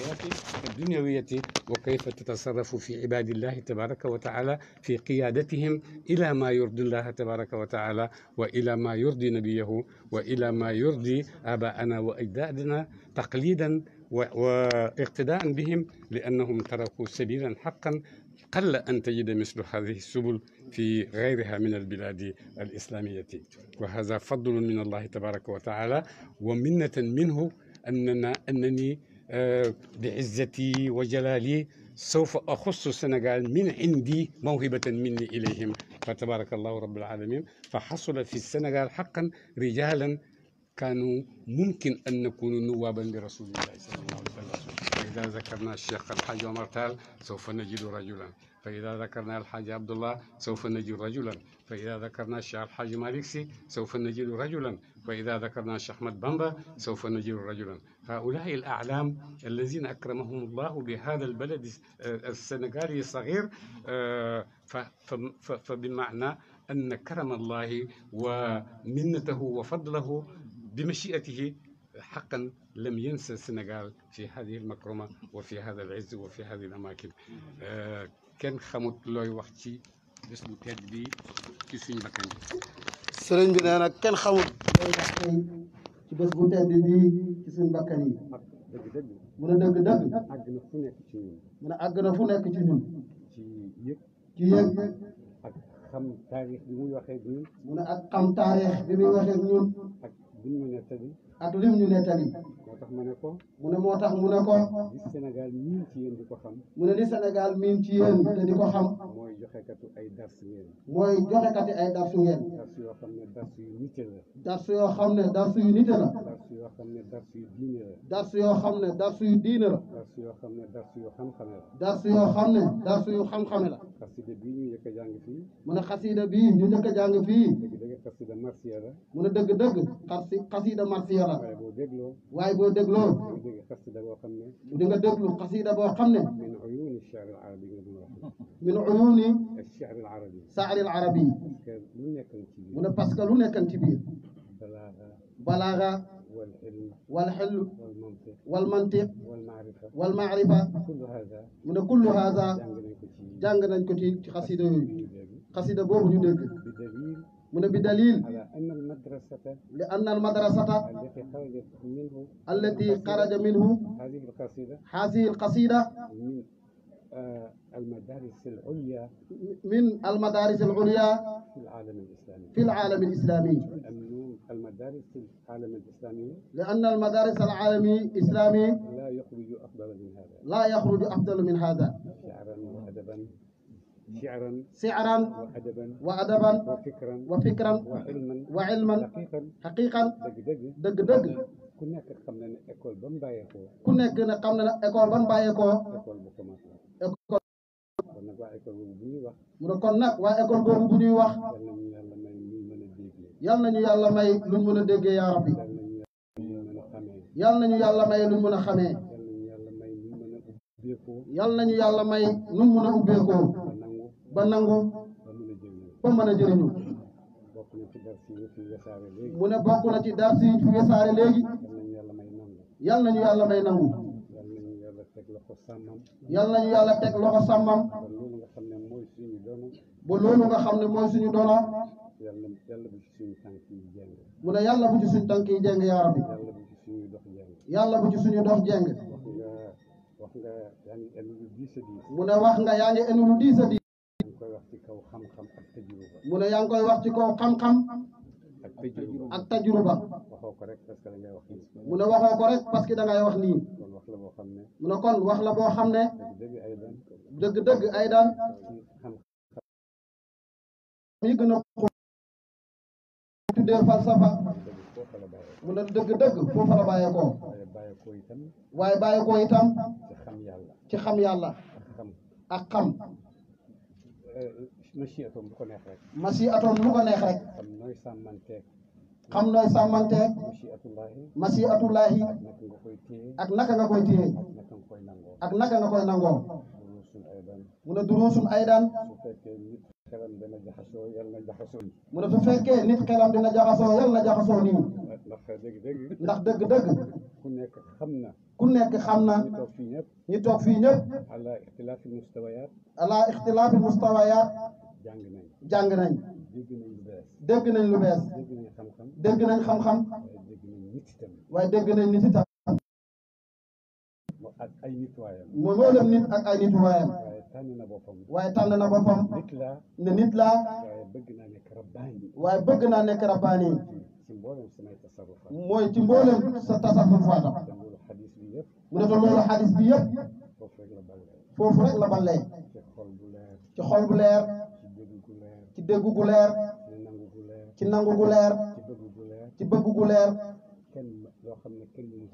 هذه الحياة الدنيوية وكيف تتصرف في عباد الله تبارك وتعالى في قيادتهم إلى ما يرضي الله تبارك وتعالى وإلى ما يرضي نبيه وإلى ما يرضي آباءنا وأجدادنا تقليدا واقتداء بهم لأنهم تركوا سبيلا حقا قل أن تجد مثل هذه السبل في غيرها من البلاد الإسلامية وهذا فضل من الله تبارك وتعالى ومنة منه أننا أنني بعزتي وجلالي سوف أخص السنغال من عندي موهبة مني إليهم فتبارك الله رب العالمين فحصل في السنغال حقا رجالا كانوا ممكن أن نكونوا نوابا لرسول الله صلى الله عليه وسلم إذا ذكرنا الشيخ الحاج عمر تال سوف نجد رجلا فإذا ذكرنا الحاج عبد الله سوف نجد رجلا فإذا ذكرنا الشيخ الحاج مالك سي سوف نجد رجلا وإذا ذكرنا الشيخ أحمد بامبا سوف نجد رجلا هؤلاء الأعلام الذين أكرمهم الله بهذا البلد السنغالي الصغير فبمعنى أن كرم الله ومنته وفضله بمشيئته حقا لم ينسى السنغال في هذه المكرمة وفي هذا العز وفي هذه الأماكن kenn xamut looy wax ci bés bu tedd bi ci suñu bakkan bi sëriñ bi nee na kenn xamut looy wax tey ci bés bu tedd bi ci suñu bakkan yi mun a dëgg dëgg àgg na fu nekk ci ñun mun a àgg na fu nekk ci ñun ci yëg ci yëg ak xam taarix bi muy waxee ak ñun mun a ak xam taarix bi muy waxee ak ñun ak buñ mu nettali ak ah, lim ñu nettali. moo tax mu ne ko. mu ne moo tax mu ne ko. li Sénégal miin ci yéen di ko xam. mu ne li Sénégal miin ci yéen te di ko xam. mooy joxekatu ay dars ngeen. mooy joxekati ay dars ngeen. dars yoo xam ne dars yu nite la. dars yoo xam ne dars yu nite la. dars yoo xam ne dars yu diine la. dars yoo xam ne dars yu diine la. dars yoo xam ne dars yu xam-xame la. dars yoo xam ne dars yu xam-xame la. xasida bii ñu njëkk a jàng fii. mu ne xasida bii ñu njëkk a jàng fii. dëgg-dëgg xasida marsiya la. mu ne dëgg-dëgg xasida marsiya la taala waaye boo dégloo waaye boo dégloo di nga dégg xasida boo xam ne di nga déglu xasida boo xam ne min uyuuni sha'r al arabi nga mën a wax min uyuuni sha'r al arabi sha'r al arabi lu nekkan ci biir mu ne parce que lu nekkan ci biir balaaga balaaga wal xilm wal xilm wal mantiq wal mantiq wal maarifa wal maarifa kullu haza mu ne kullu haza jàng nañ ko ci jàng nañ ko ci xasida yooyu xasida boobu ñu dégg mu ne bi dalil li anna al madrasata allati xaraja minhu haadihi al qasida المدارس العليا من المدارس العليا في العالم الإسلامي في العالم الإسلامي المدارس العالم الإسلامي لأن المدارس العالمي الإسلامي لا يخرج أفضل من هذا لا يخرج أفضل من هذا شعرا وأدبا شعرا شعرا وأدبا wa وفكرا wa وعلما وعلما حقيقا دëgg dëgg ku nekk xam na ne école ba mu bàyyeekoo ku nekk na xam na ne école ba mu bàyyeekoo école bu commencé école kon nag waa école boobu bu ñuy wax mu ne kon nag waa école boobu bu ñuy wax yal nañu yàlla may luñ mën a déggee yaa rabbi yal nañu yàlla may luñ mën a xamee yal nañu yàlla may nu mën a ubbeekoo yal nañu yàlla may nu mën a ubbeekoo ba nangoo ba mën a jëriñu mu ne bokk na ci dars yi fi wesaare léegi yal nañu yàlla may nangu yal nañu yàlla teg loxo sàmmam ba loolu nga xam ne mooy suñu dono ba loolu nga xam ne mooy suñu dono mu ne yàlla bu ci suñu tànk yi jeng yaa rabbi yàlla bu ci suñu dox jeng mu ne wax nga yaa ngi enu lu diis a diis koy wax ci kaw xam-xam ak tajruba. mu ne yaa ngi koy wax ci kaw xam-xam. ak tajruba ak ko rek parce que wax nii. mu ne waxoo ko rek parce que da ngay wax nii. xam ne. mu ne kon wax la boo xam ne. dëgg-dëgg ay daan. dëgg-dëgg ay daan. mi a ko tuddee falsafa. mu ne dëgg-dëgg foofa la bàyyeekoo. waaye bàyyeekoo itam. waaye bàyyeekoo itam. ci xam yàlla. ci xam yàlla. ak xam. masi atom lu ko neex rek masi atom lu ko neex rek xam nooy sàmmanteeg xam nooy sàmmanteeg masi atullaahi masi atullaahi ak naka nga koy téye ak naka nga koy téye ak naka nga koy nangoo mu ne duruusun aydan xelam dina jaxasoo yal na jaxasoo nii. mu ne bu fekkee nit xelam dina jaxasoo yal na jaxasoo nii. ndax dëgg-dëgg. ndax dëgg-dëgg. ku nekk xam na. ku nekk xam na. ñu toog fii ñëpp. ñu toog fii ñëpp. ala ixtilaafi mustawayaat. ala ixtilaafi mustawayaat. jàng nañ. jàng nañ. dégg nañ lu bees. dégg nañ lu bees. dégg xam-xam. dégg nañ xam-xam. waaye dégg nañ nit itam. ak ay nit waayam. mboolem nit ak ay na boppam. na boppam. nit laa. ne nit laa. naa nekk rabbaani. waaye ci mboolem samay tasarufaat. mooy ci mboolem sa tasarufaatam. loolu xadis mu ne loolu xadis bi yëpp. foofu rek la ballee. foofu rek la ballee. ci xol bu ci xol bu leer. ci dégg gu leer. ci ci nangu gu ci nangu gu leer. loo xam ne kenn mënu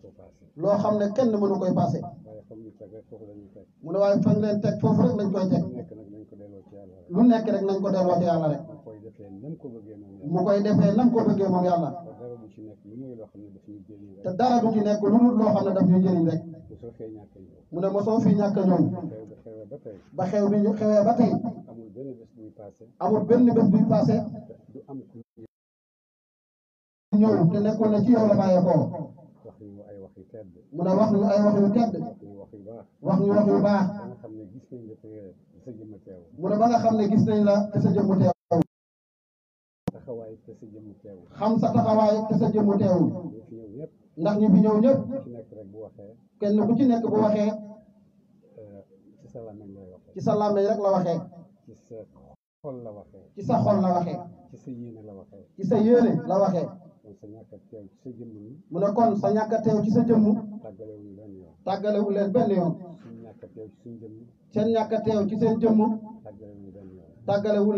loo xam ne kenn mënu koy paase. waaye fa mu teg rek la ñuy ne waaye fa leen teg foofu rek lañ koy teg. lu nekk ko delloo ci yàlla rek. lu nañ ko delloo ci yàlla rek. mu koy defee nam ko bëggee moom yàlla. mu koy defee nam ko bëggee moom yàlla. te dara du ci nekk lu muy loo xam ne daf ñuy jëriñ rek. te dara du nekk ne daf ñuy jëriñ rek. mosoo fee ñàkk a ñëw. mu ne mosoo fii ñàkk a ba xew bi xewee ba tey. amul benn bés buy paase. amul benn bés buy paase. ñoom te nekkoon ci yow la bàyyi koo wax ay wax yu tedd mun a wax ñu ay wax yu tedd wax ñu wax yu baax mun a ba nga xam ne gis nañ la te sa jëmm teew xam sa taxawaay te sa jëmm teewul ndax ñu fi ñëw ñëpp kenn ku ci nekk bu euh, waxee ci sa làmmiñ rek la waxee xol la waxee. ci sa xol la waxee. ci sa yéene la waxee. ci sa yéene la waxee. kon sa ñàkk a ci sa jëmm. mu ne kon sa ñàkk a teew ci sa jëmm. tàggalewul benn yoon. tàggalewul leen benn yoon. seen ñàkk a teew ci seen jëmm. seen ñàkk a teew benn yoon.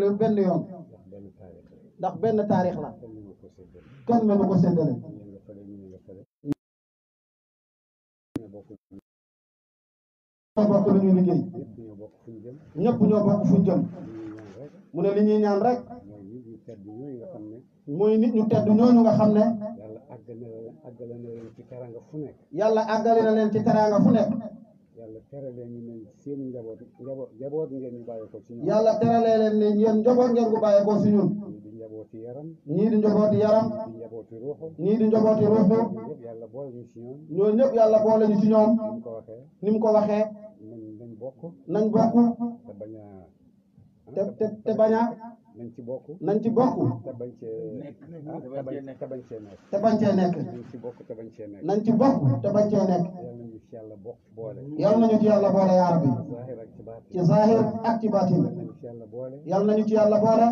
leen benn yoon. ndax benn taarix la. kenn mënu ko séddale. ñoo ñu lu ñuy liggéey. ñëpp ñoo bokk ñu jëm. mu ne li ñuy ñaan rek mooy nit ñu tedd ñooñu nga xam ne mooy nit nga xam ne yàlla àggale na àggale leen ci teraanga fu nekk yàlla àggale na leen ci teraanga fu nekk yàlla terale ñu ne seen njaboot njaboot njaboot ngeen ñu yàlla terale leen njaboot ngeen ko bàyyi ko ci ñun ñii njabooti yaram ñii di njabooti yaram ñii di njabooti ruuxu ñii njabooti ruuxu ñëpp yàlla boole ñu ci ñëpp yàlla boole ñu ci ñoom ni mu ko waxee ni mu ko waxee bokk nañ bokk te te te nañ ci bokk nañ ci bokk. bañ cee nekk te bañ cee nekk. te bañ cee nekk. nañ ci bokk te bañ cee nekk. nañ ci bokk te bañ cee nekk. yal nañu ci yàlla bokk boole. yal nañu ci yàlla boole yaa rabbi. ci zahir ak ci baatin. yal nañu ci yàlla boole.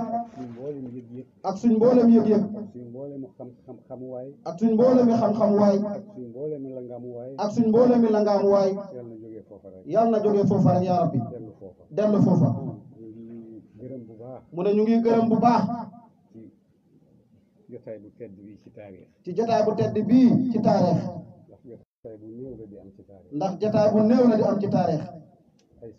ak suñ mboolem yëg-yëg. ak suñ mboolem xam-xamuwaay. ak suñ mboolem xam-xamuwaay. ak suñ mboolem langaamuwaay. ak suñ mboolem langaamuwaay. yal na jógee foofa rek yaa rabbi. dellu foofa. mu ne ñu ngi gërëm bu baax. ci jotaay bu tedd bii ci taarix. ci jotaay bu tedd bii ci taarix. jotaay bu néew la ndax jotaay bu néew la di am ci taarix. ay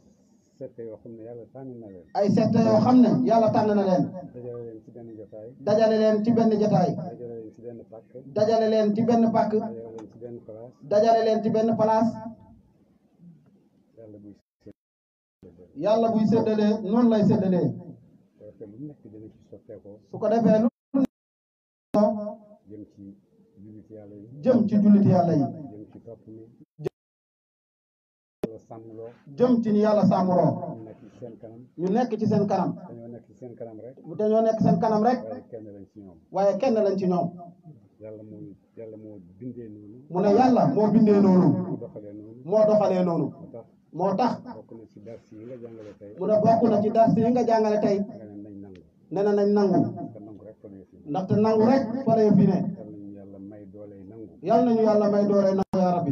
sette yoo xam ne yàlla tànn na leen. yoo xam ne yàlla tànn na leen. dajale leen ci benn jotaay. dajale leen ci benn jotaay. dajale leen ci benn pàkk. dajale leen ci benn pàkk. dajale leen ci leen ci benn place. yàlla buy séddalee noonu lay séddalee. te lu nekk dana ci soppeekoo. su ko defee lu jëm ci jullit yi. jëm ci jullit yàlla yi. ci topp mi. jëm ci ni yàlla sàmmloo. ñu nekk ci seen kanam. ñu nekk ci seen kanam. dañoo nekk ci seen kanam rek. dañoo nekk seen kanam waaye kenn lañ ci ñoom. waaye kenn lañ ci ñoom. yàlla moo bindee noonu. mu ne yàlla moo bindee noonu. moo doxalee noonu. moo tax. bokk na ci yi nga ci dars yi nga jàngale tey. nee na nañ nangu ndaxte nangu rek pare fi ne yal nañu yàlla may doole nangu yaa rabbi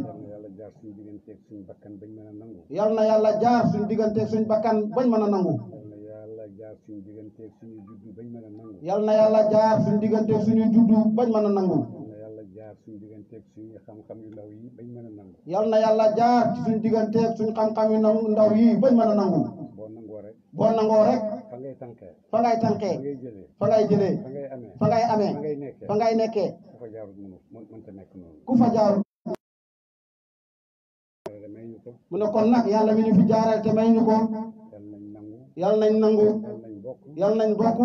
jaar suñu digganteeg suñu bakkan bañ mën a nangu. yal na yàlla jaar suñu diggante suñu bakkan bañ mën a nangu. yal na yàlla jaar suñu digganteeg suñu juddu bañ mën a nangu. yal na yàlla jaar suñu diggante suñu juddu bañ mën na nangu. jaar suñu digganteeg suñu xam-xam yi bañ mën a nangu. yal na yàlla jaar ci suñu digganteeg suñu xam-xam yu ndaw yi bañ mën a nangu. boo nangoo rek. boo nangoo rek. fa ngay tànkee. fa ngay tànkee. fa ngay jëlee. fa ngay amee. fa ngay amee. fa ngay nekkee. fa ngay nekkee. ku fa jaarul mënta nekk noonu. ku fa jaarul. mu ne kon nag yàlla mi ñu fi jaaree te may ñu ko. yal nañ nangu. yal nañ nangu. yal nañ bokk. yal nañ bokk.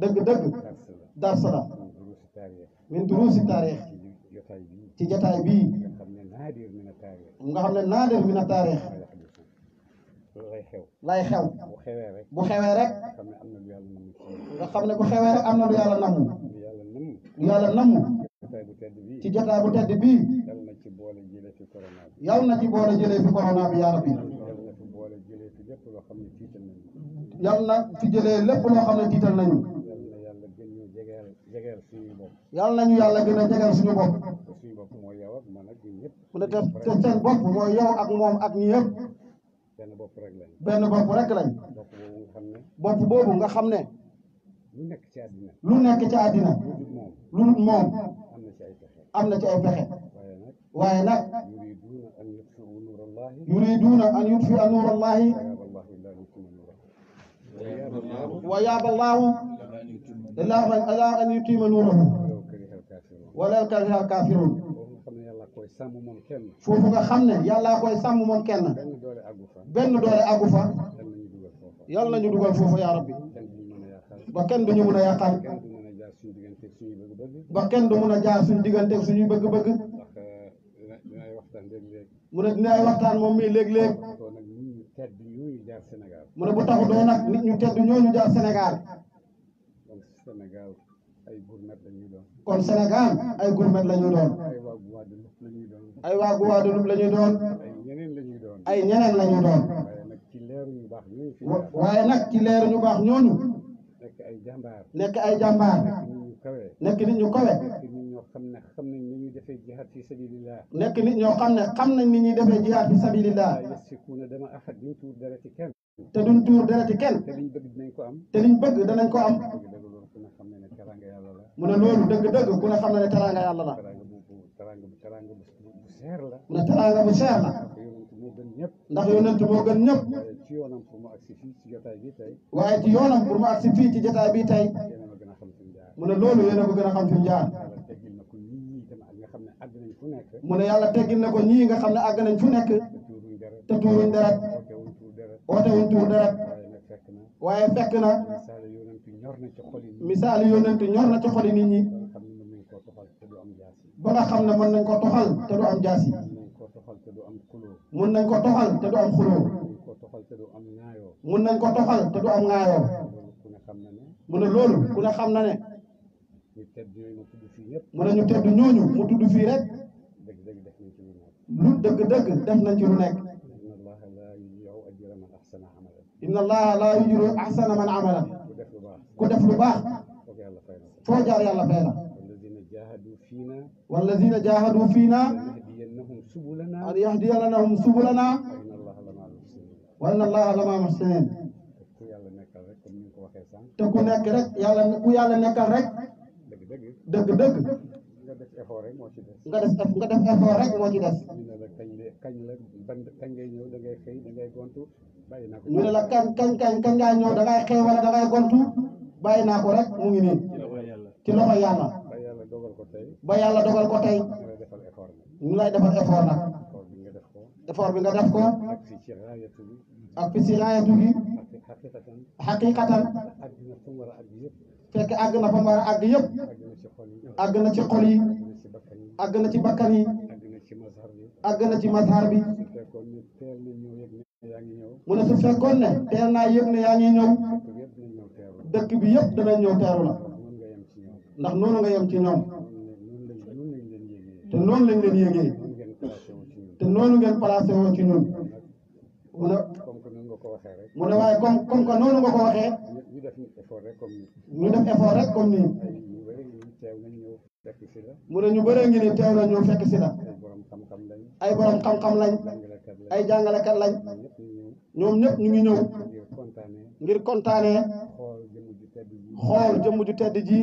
dëgg-dëgg. dars la. min duruusi taarix ci jataay bii nga xam ne naadir min a taarix lay xew bu xewee rek nga xam ne bu xewee rek am na lu yàlla namu lu yàlla namu ci jataay bu tedd bii ci boole jëlee fi corona bi yal na ci boole jëlee fi corona bi yaa loo xam ne tiital nañu jegeel suñu bopp. yàlla nañu yàlla gën a jegeel suñu bopp. suñu bopp mooy yow ak man ak moom ak ñi yëpp. benn bopp rek lañ. benn bopp rek lañ. bopp boobu nga xam ne. bopp boobu nga xam ne. lu nekk ci àddina. lu nekk ci àddina. lu dul moom. am na ci ay pexe. am na ci ay pexe. waaye nag. yuriduuna an yutfiu nuurallahi. yuriduuna an yutfiu nuurallahi. illaa man alaa an yuqiima nuurahu wala kariha alkaafiruun foofu nga xam ne yàllaa koy sàmm moom kenn benn doole àggu fa yàlla nañu dugal foofu yaa rabbi ba kenn duñu mën a yàqal ba kenn du mën a jaar suñu digganteeg suñuy bëgg-bëgg mu ne dinaay waxtaan moom mii léeg-léeg mu ne bu taxu doo nag nit ñu tedd ñooñu jaar Sénégal Sénégal ay gourmet la ñuy doon. kon Sénégal ay gourmet la ñuy doon. ay waa Guadeloupe la ñuy doon. ay waa Guadeloupe la ñuy doon. ay ñeneen la ñuy doon. ay ñeneen la ñuy doon. waaye nag ci leeru ñu baax ñooñu fi. waaye nag ci leeru ñu baax ñooñu. nekk ay jàmbaar. nekk ay jàmbaar. nekk nit ñu kawe. nekk nit ñoo xam ne xam nañ ni ñuy defee jihaad fi sabilillah. nekk nit ñoo xam ne xam nañ ni ñuy defee jihaad fi sabilillah. dama axat duñ tuur dara ci kenn. te duñ tuur dara ci kenn. te liñ bëgg danañ ko am. te liñ bëgg danañ ko am. ku ne xam na ne teranga la. mu ne loolu dëgg-dëgg ku ne xam na ne teranga yàlla la. teranga bu bu teranga bu teranga bu seer la. mu ne teranga bu seer la. ndax yonent moo gën ñëpp. waaye ci yoonam pour mu agsi fii ci jotaay bi tey. waaye ci yoonam pour mu agsi fii ci jotaay bi tey. mu ne loolu yéen a ko gën a xam fi mu jaar. mu ne yàlla teggil na ko ñii nga xam ne àgg nañ fu nekk. te tuuruñ deret. oote wuñ tuur deret. waaye fekk na. misaal yonentu ñor na ci xoli nit ñi ba nga xam ne mën nañ ko toxal te du am jaasi mun nañ ko toxal te du am xuloo mun nañ ko toxal te du am ŋaayoo mu ne loolu ku ne xam na ne mu ne ñu tedd ñooñu mu tudd fii rek lu dëgg-dëgg def nañ ci lu nekk inna allaha la yudiu ahsana man amala ku def lu baax foo jaar yàlla fay na walladina jahadu fiina an yahdiyanahum subulana wa inna allaha lama muhsinin te ku nekk rek yàlla ku yàlla nekkal rek dëgg-dëgg nga def effort rek moo ci des. nga def nga def effort rek moo ci des. ñu ne la kañ la kañ la ban kañ ngay ñëw da ngay xëy da ngay gontu bàyyi na ko. ñu ne la kañ kañ kañ kañ ngaa ñëw da ngay xëy wala da ngay gontu. bàyyi naa ko rek mu ngi nii ci loxo yàlla ba yàlla dogal ko tey ñu lay defal effort nag effort bi nga def ko ak fi si raaya tugi xaqiqatan fekk àgg na fa mu war a àgg yëpp àgg na ci xol yi àgg na ci bakkan yi àgg na ci mazhar bi mu ne su fekkoon ne teel naa yëg ne yaa ngi ñëw dëkk bi yëpp danañ ñëw teeru la ndax noonu nga yem ci ñoom te noonu lañ leen yëgee te noonu ngeen placé woo ci ñun mu ne mu ne waaye comme comme que noonu nga ko waxee ñu def effort rek comme nii mu ne ñu bëree ngi ni teew na ñëw fekk si la ay borom xam-xam lañ ay jàngalekat lañ ñoom ñëpp ñu ngi ñëw ngir kontaanee xool jëmm ju tedd ji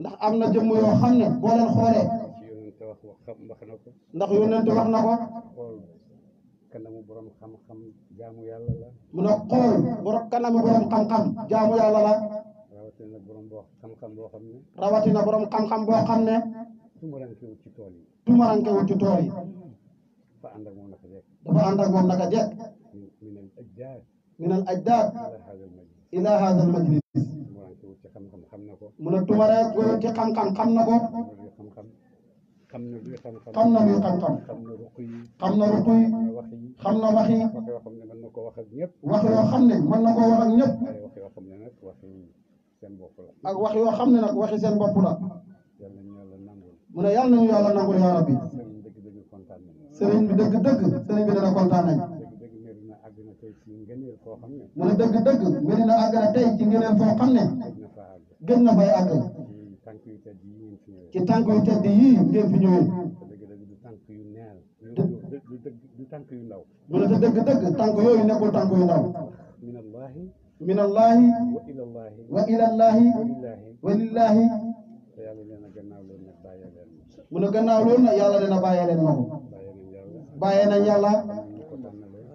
ndax am na jëmm yoo xam ne boo leen xoolee ndax yonent wax na ko kanamu borom xam-xam jaamu yàlla la mu ne xool borom kanamu borom xam-xam jaamu yàlla la rawatina borom boo xam-xam boo xam ne rawatina borom xam-xam boo xam ne tumarankewul ci tool yi tumarankewul ci tool jekk dafa ànd ak moom naka ajdaad ila hadha al majlis mu ne tumara ko ci xam-xam xam na ko xam na luy xam-xam na ko xam-xam xam na ruq yi xam na ruq yi xam na wax yi wax yoo xam ne mën na koo wax ak ñëpp ne mën na ko wax ak ñëpp wax yoo xam ne nag waxi seen bopp la ak wax yoo xam ne nag waxi seen bopp la mu ne yàlla nañu yàlla nangul yaa rabbi sëriñ bi dëgg-dëgg sëriñ bi dana kontaan nañ ndax dëgg-dëgg wéri na àgg na tey ci ngëneel foo xam ne gën na fay àgg ci tànk yu tedd yii ngeen fi ñëwoon du tànk yu ndaw mu ne te dëgg-dëgg tànk yooyu nekkul tànk yu ndaw min allahi wa ilallahi wa lillahi mu ne gannaaw loolu nag yàlla dina bàyyee leen ma ko bàyyee nañ yàlla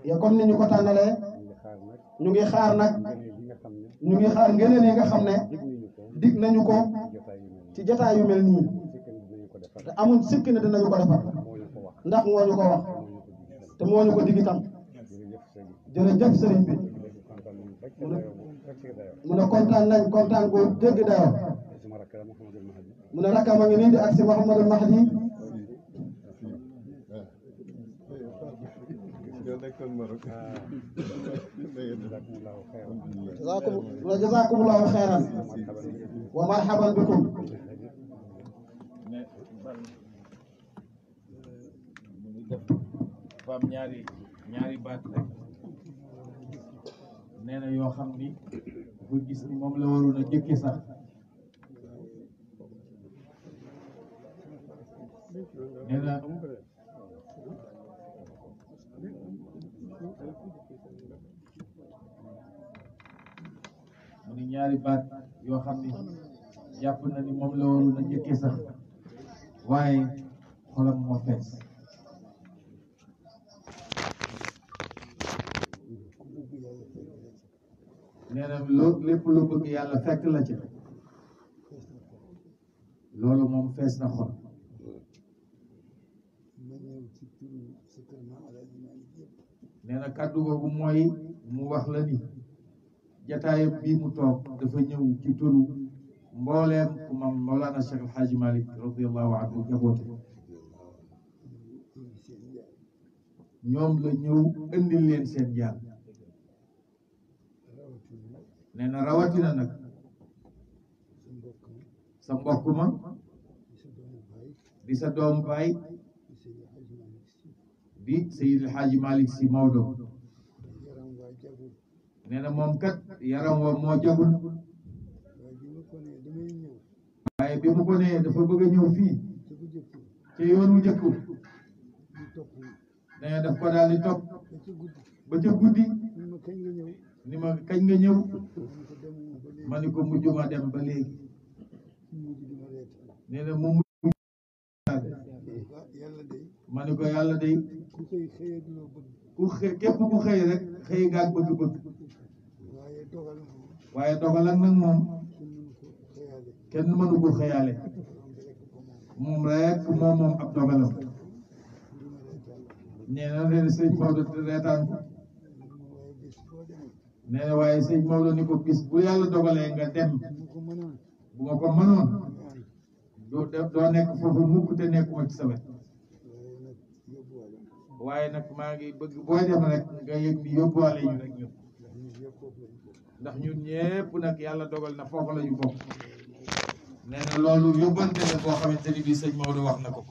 ya comme ni ñu ko tànnalee ñu ngi xaar nag ñu ngi xaar ngëneel yi nga xam ne dig nañu ko ci jotaay yu mel nii te amul sikk ne dinañu ko defar ndax moo ñu ko wax te moo ñu ko dig itam jërëjëf sëriñ bi a ne kontaan nañ kontaan gu jéggi dayoo mu a rakka ma ngi nii di ak si Mouhamadul Mahdi nga nekkoon Maroc. waaw. jazakumullahu xayran. wa marhaban bikum. faam ñaari ñaari baat rek nee yoo xam ni bu gis ni moom la waroon a jëkke sax na ni ñaari baat yoo xam ni jàpp na ni moom la waroon a sax waaye xolam moo fees nee loolu lépp lu bëgg yàlla fekk la ci loolu moom fees na xol nee na kàddu googu mooy mu wax la ni jataayam bii mu toog dafa ñëw ci turu mbooleem ku mam Mawlana Cheikh El Hadji radiallahu anhu jaboote ñoom la ñëw indil leen seen na rawatina nag sa mbokk ma di sa doom baay di Seydi El Hadji Malick Sy Maodo nee na moom kat yaram wa moo jagul waaye bi mu ko nee dafa bëgg a ñëw fii ci yoon wu jëkku nee na daf ko daal di topp ba ni ma kañ ga ñëw ma ko mujj ma dem ba léegi nee na mu mujj ma ni ko yàlla day ku xëy képp ku xëy rek xëy gaag bëgg-bëgg waaye dogalan nag moom kenn mënu ko xëyaale moom rek moom moom ab dogalam nee na leen sëñ Maodo reetaan ko nee na waaye sëñ Maodo ni ko gis bu yàlla dogalee nga dem bu ma ko mënoon doo doo nekk foofu mukk te nekkuma ci sa waaye nag maa ngi bëgg booy dem rek nga yëg ni yóbbuwaale ñu rek yàlla dogal na foofu la ñu bokk nee la ko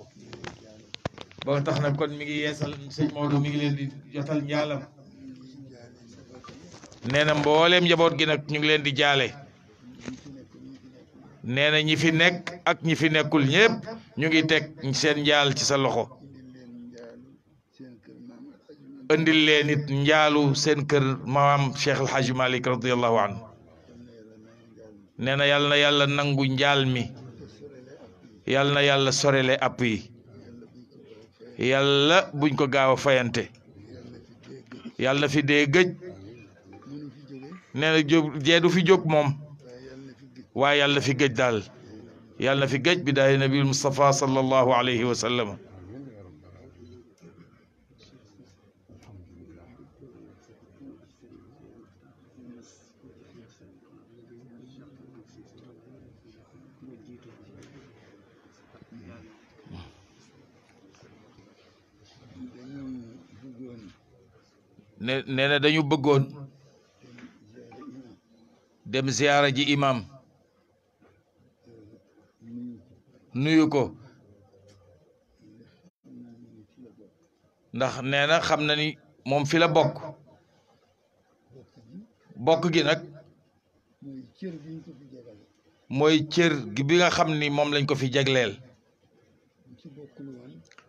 ko tax na kon mi ngi yeesal sëñ Maodo na mbooleem njaboot gi nag ñu ngi leen di jaale nee ñi fi nekk ak ñi fi nekkul ñëpp ñu ngi teg seen njaal ci sa loxo indil leen njaalu seen kër maam Cheikh El Hadj Malick radiyallahu anhu nee na yàlla na yàlla nangu njaal mi yàlla na yàlla sorele app yi yàlla buñ ko gaaw a fayante yàlla fi dee gëj nee na fi jóg moom waaye yàlla fi gëj daal yàlla fi gëj bi daal nabil Mustafa sallallahu alayhi wa ne nee na dañu bëggoon dem ziyaara ji imaam nuyu ko ndax nee na xam na ni moom fi la bokk bokk gi nag mooy cër gi bi xam ni moom lañ ko fi jagleel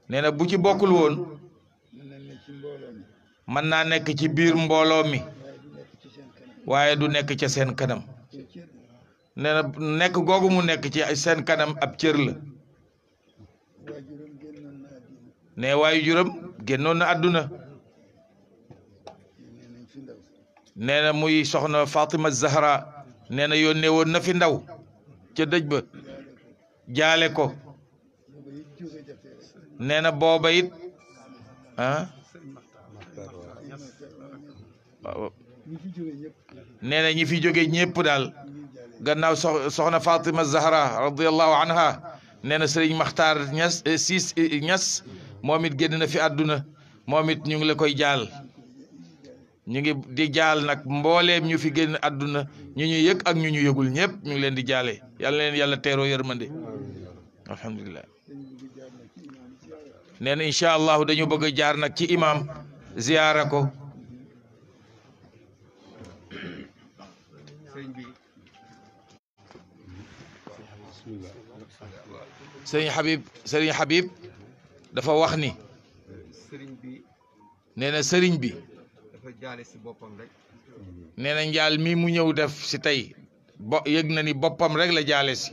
nee bu ci bokkul woon mën naa nekk ci biir mbooloo mi waaye du nekk ca seen kanam nee nekk googu mu nekk ci seen kanam ab cër la ne waayu juróom génnoon na àdduna nee na muy soxna Fatima Zahra nee na yónnee na fi ndaw ca dëj ba jaale ko nee na booba it ah nee na ñi fi jóge ñëpp daal gannaaw soxna Fatima Zahra radiyallahu anha nee na Serigne Makhtar Niass eh, siis eh, Niass moom it génn na fi àdduna moom it ñu ngi la koy jaal ñu ngi di jaal nag mbooleem ñu fi génn àdduna ñu ñu yëg ak ñu ñu yëgul ñëpp ñu ngi leen di jaale yàlla leen yàlla teeroo yërmande alhamdulilah nee na incha allahu dañu bëgg a jaar nag ci imam ziyaara sëriñ Habib sëriñ Habib dafa wax ni sëriñ bi nee na sëriñ bi dafa si boppam rek nee na njaal mi mu ñëw def si tey bo na ni boppam rek la jaale si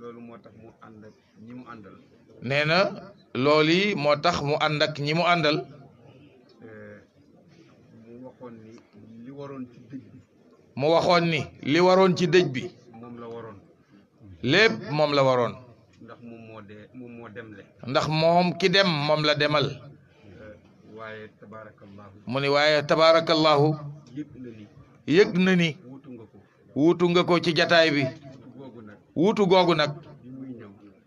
loolu moo tax mu ànd ñi mu àndal nee na loolu moo tax mu àndak ñi mu àndal eh, mu waxoon ni li waroon ci dëj mu waxoon ni li waroon ci dëj bi moom la waroon lépp moom la waroon ndax moom ki dem moom la demal mu ni waaye tabaarakallahu yëg na ni wuutu nga ko ci jataay bi wuutu googu nag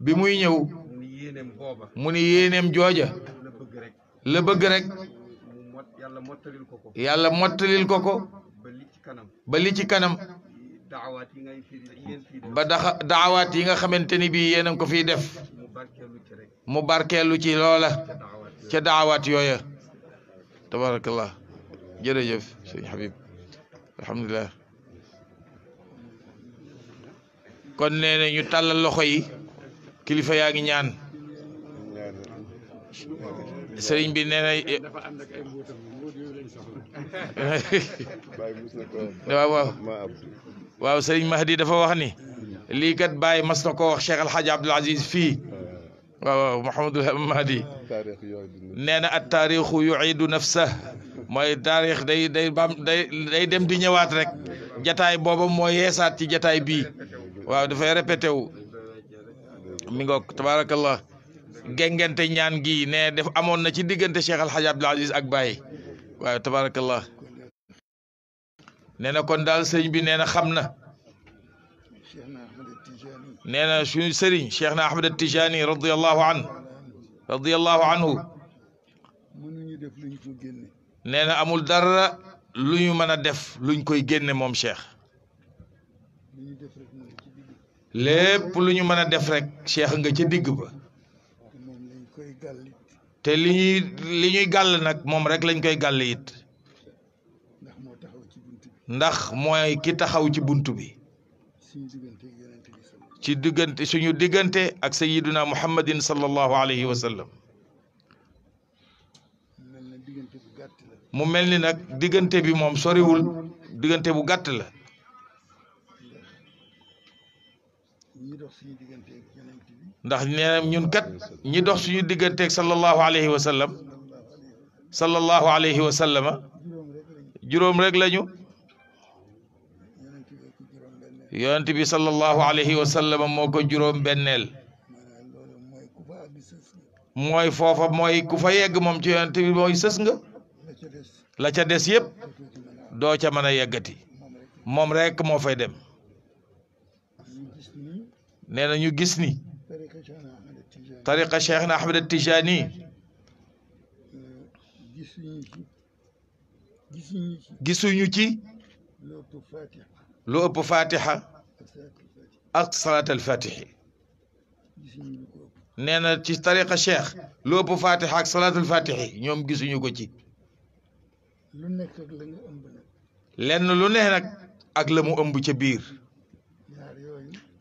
bi muy ñëw mu ni yéeneem jooja la bëgg rek yàlla mottalil ko ko ba li ci kanam ba daxa daawaat yi nga xamante ni bii yéen ko fiy def mu barkeelu ci loola ca daawaat yooya tabarakallah jërëjëf sëñ Habib alhamdulilah kon nee na ñu tàllal loxo yi kilifa yaa ngi ñaan sëriñ bi nee na [LAUGHS] waaw waaw waaw sëriñ Mahdi dafa wax ni lii kat Baye mas na ko wax Cheikh Al Hadj Abdoul Aziz fii waaw waaw Mouhamadul Mahdi ah, nee na at taarixu yuidu nafsa mooy taarix day day dem di ñëwaat rek jataay booba moo yeesaat ci jataay bii waaw dafay répété wu mi gengente ñaan gi ne def amoon na ci diggante Cheikh Al Hadj Abdoul Aziz ak Baye waaw tabaarakallah nee na kon daal sëñ bi nee na xam na nee na suñu sëriñ cheikh na ahmad tijani radiallahu an radiallahu anhu nee na amul dara lu ñu mën a def luñ koy génne moom cheikh lépp lu ñu mën a def rek cheikh nga ca digg ba te li ñuy li gàll nag moom rek lañ koy gàll it ndax mooy ki taxaw ci bunt bi ci diggante suñu diggante ak sayyiduna muhammadin sallallahu alayhi wa sallam mu mel ni nag diggante bi moom soriwul diggante bu gàtt la ndax nee ñun kat ñi dox suñu digganteeg sallallahu alayhi wa sallam sallallahu alayhi juróom rek lañu yonent bi sallallahu alayhi wa moo ko juróom benneel mooy foofa mooy ku fa yegg moom ci yonent bi mooy sës nga la ca des yëpp doo ca mën a yeggati moom rekk moo fay dem nee na ñu gis ni tariqa cheikh na ahmed tijani gisuñu ci lu ëpp fatiha ak salaat al fatihi nee na ci tariqa cheikh lu ëpp fatiha ak salaat fatihi ñoom gisuñu ko ci lenn lu ne ak la mu ëmb ca biir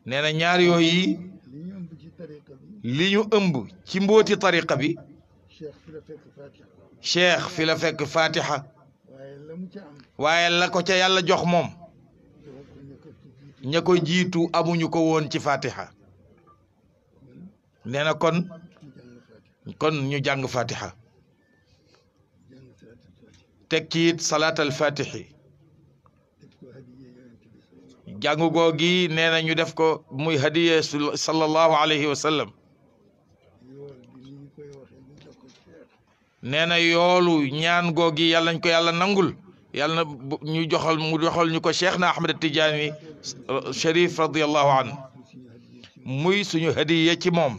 nee na ñaar yooyu li ñu ëmb ci mbooti tariqa bi cheikh fii la fekk fatiha waaye la ko ca yàlla jox moom ña ko jiitu amuñu ko woon ci fatiha nee na kon kon ñu jàng fatiha teg ci it salaatal fatihi jàngu googi nee na ñu def ko muy hadiya sallallahu alayhi wa na yoolu ñaan googi yàlla nañ ko yàlla nangul yàlla na ñu joxal mu joxal ñu ko Cheikh na Ahmed Tidiane Cherif radiyallahu anhu muy suñu hadiya ci moom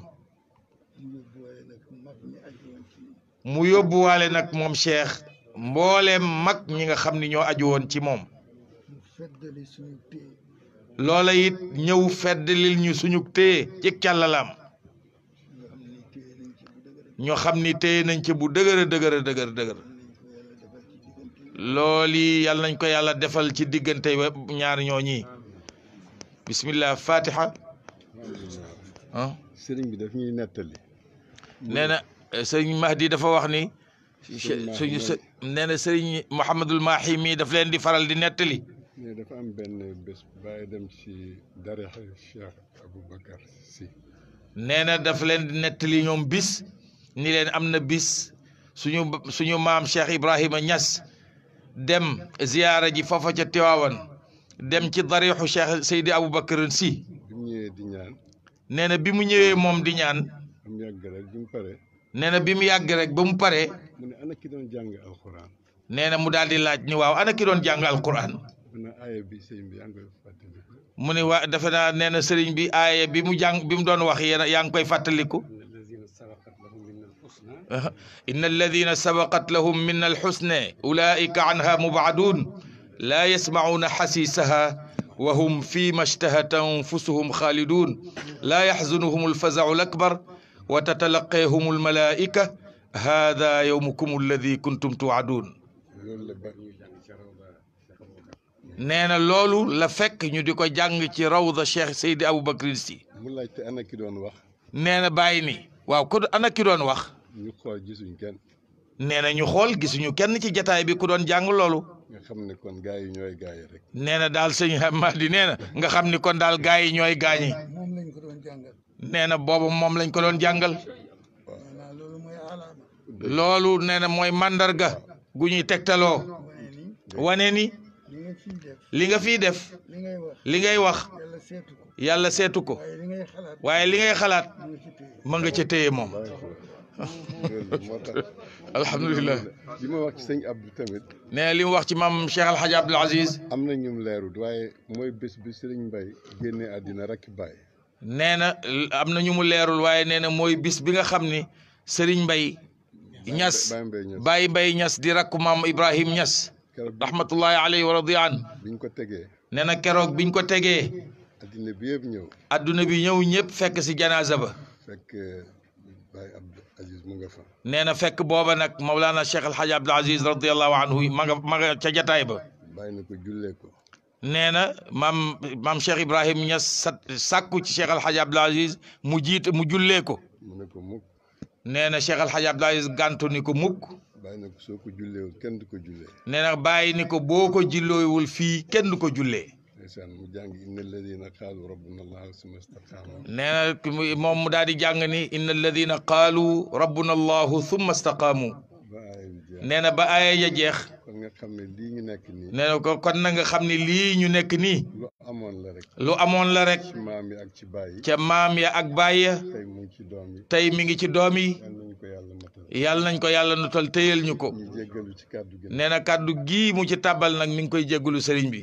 mu yóbbuwaale nag moom Cheikh mbooleem mag ñi nga xam ni ñoo aju woon ci moom loola it ñëw feddalil ñu suñu téye ci càllalaam ñoo xam ni téye nañ ci bu dëgër dëgër dëgër dëgër looli yàlla nañ ko yàlla defal ci diggante ñaar ñooñi bismillah fatiha ah sëriñ bi daf ñuy nettali nee na sëriñ Mahdi dafa wax ni suñu nee na sëriñ Mouhamadul Mahi daf leen di faral di nettali ne dafa na leen di nettali ñoom bis ni leen am na bis suñu suñu maam Cheikh Ibrahima Niass dem ziyaara ji foofa ca Tiwaawan dem ci darixu Cheikh Seydi Aboubacar Sy nee na bi mu ñëwee moom di ñaan nee na bi mu yàgg rek ba mu pare nee na mu daal di laaj ni waaw ana ki doon jàng alquran mu ne waa defe naa nee na sëriñ bi aaya bi mu jàng bi mu doon wax yéen yaa ngi koy fàttaliku Uh-huh. inna alladina sabaqat lahum min alxusne ulaika anha mubaaduun laa yasmacuuna xasiisaha wa hum fi ma ishtahat anfusuhum xaaliduun laa yaxzunuhum alfazacu lakbar wa tatalaqeehum almalaaika haada yowmukum alladi kuntum tuwaduun nee na loolu la fekk ñu di ko jàng ci rawda cheikh seydi aboubacrine si nee na bàyyi ni waaw kon ana ki doon wax ñu gisuñ nee na ñu xool gisuñu kenn ci jataay bi ku doon jàng loolu. nga gaa yi ñooy gaa nee na daal sëñ Amady di neena nga xam ni kon daal gaa yi ñooy gaa yi. nee na boobu moom lañ ko doon jàngal. loolu nee na mooy màndarga gu ñuy tegtaloo wane ni li nga fi def li ngay wax yàlla seetu ko waaye li ngay xalaat ma nga ca téye moom alhamdulilah li ma wax ci sëñ Abdou tamit. nee li mu wax ci maam Cheikh Al Hadj am na ñum leerul waaye mooy bés bi sëriñ Mbaye génne àddina rakki Baye. nee na am na ñu mu leerul waaye nee na mooy bis bi nga xam ni sëriñ Mbaye. ñas Baye Mbaye ñas di rakku maam Ibrahim ñas. rahmatullahi alayhi wa radiya an. biñ ko tegee. nee na keroog biñ ko tegee. adduna bi yëpp ñëw. adduna bi ñëw ñëpp fekk si janaasa ba. fekk eh, nee na fekk booba nag Mawlana Cheikh El Hadj Abdoul anhu ma nga ma jataay ba. bàyyi na ko jullee ko. na maam maam Cheikh Ibrahim Niass sa sàkku ci mu jiite mu jullee ko. mu ne ko mukk. na Cheikh El Hadj ni ko mukk. bàyyi na ko soo ko julleewul kenn ko jullee. nee na ni ko boo ko julleewul fii kenn du ko jullee. ndeysaan mu jàng inna alladina qaalu rabbuna allah summa istaqaamu nee na moom mu daal di jàng ni inna alladina qaalu rabbuna allahu summa istaqaamu nee na ba aaya ja jeex kon nga xam ne lii ñu nekk nii nee na ko kon na nga xam ne lii ñu nekk nii lu amoon la rek lu amoon la rek ca maam ya ak baay ya tey mi ngi ci doom yi yàlla nañ ko yàlla nu tal téyal ñu ko nee na kàddu gii mu ci tàbbal nag mi ngi koy jéggalu sëriñ bi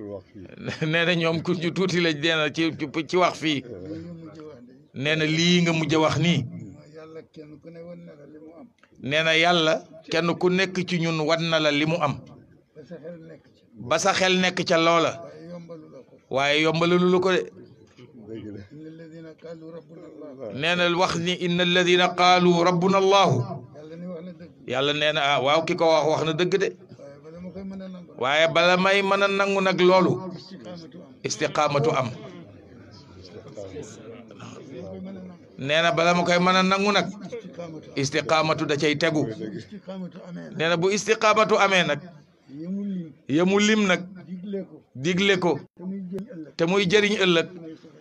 [LAUGHS] nee na ñoom ku ñu tuuti lañ dee na ci ci wax fii nee na lii nga mujj wax nii nee na yàlla kenn ku nekk ci ñun wan na la li mu am ba sa xel nekk ca loola waaye yombalalu la ko de nee na wax ni inna alladina qaalu rabbuna allahu yàlla nee na ah waaw ki ko wax wax na dëgg de waaye bala may mën a nangu nag loolu istiqaamatu am nee na bala ma koy mën a nangu nag istiqaamatu da cay tegu nee na bu istiqaamatu amee nag yemu lim nag digle ko te muy jëriñ ëllëg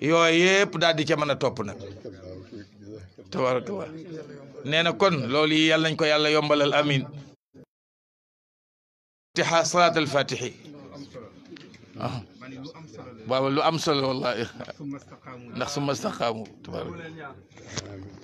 yooyu yëpp daal di ca mën a topp nag tabarakallah nee na kon loolu yi yàlla nañ ko yàlla yombalal amin fatiha salaat al fatihi waaw lu am solo wallahi ndax suma staqaamu tabarakallah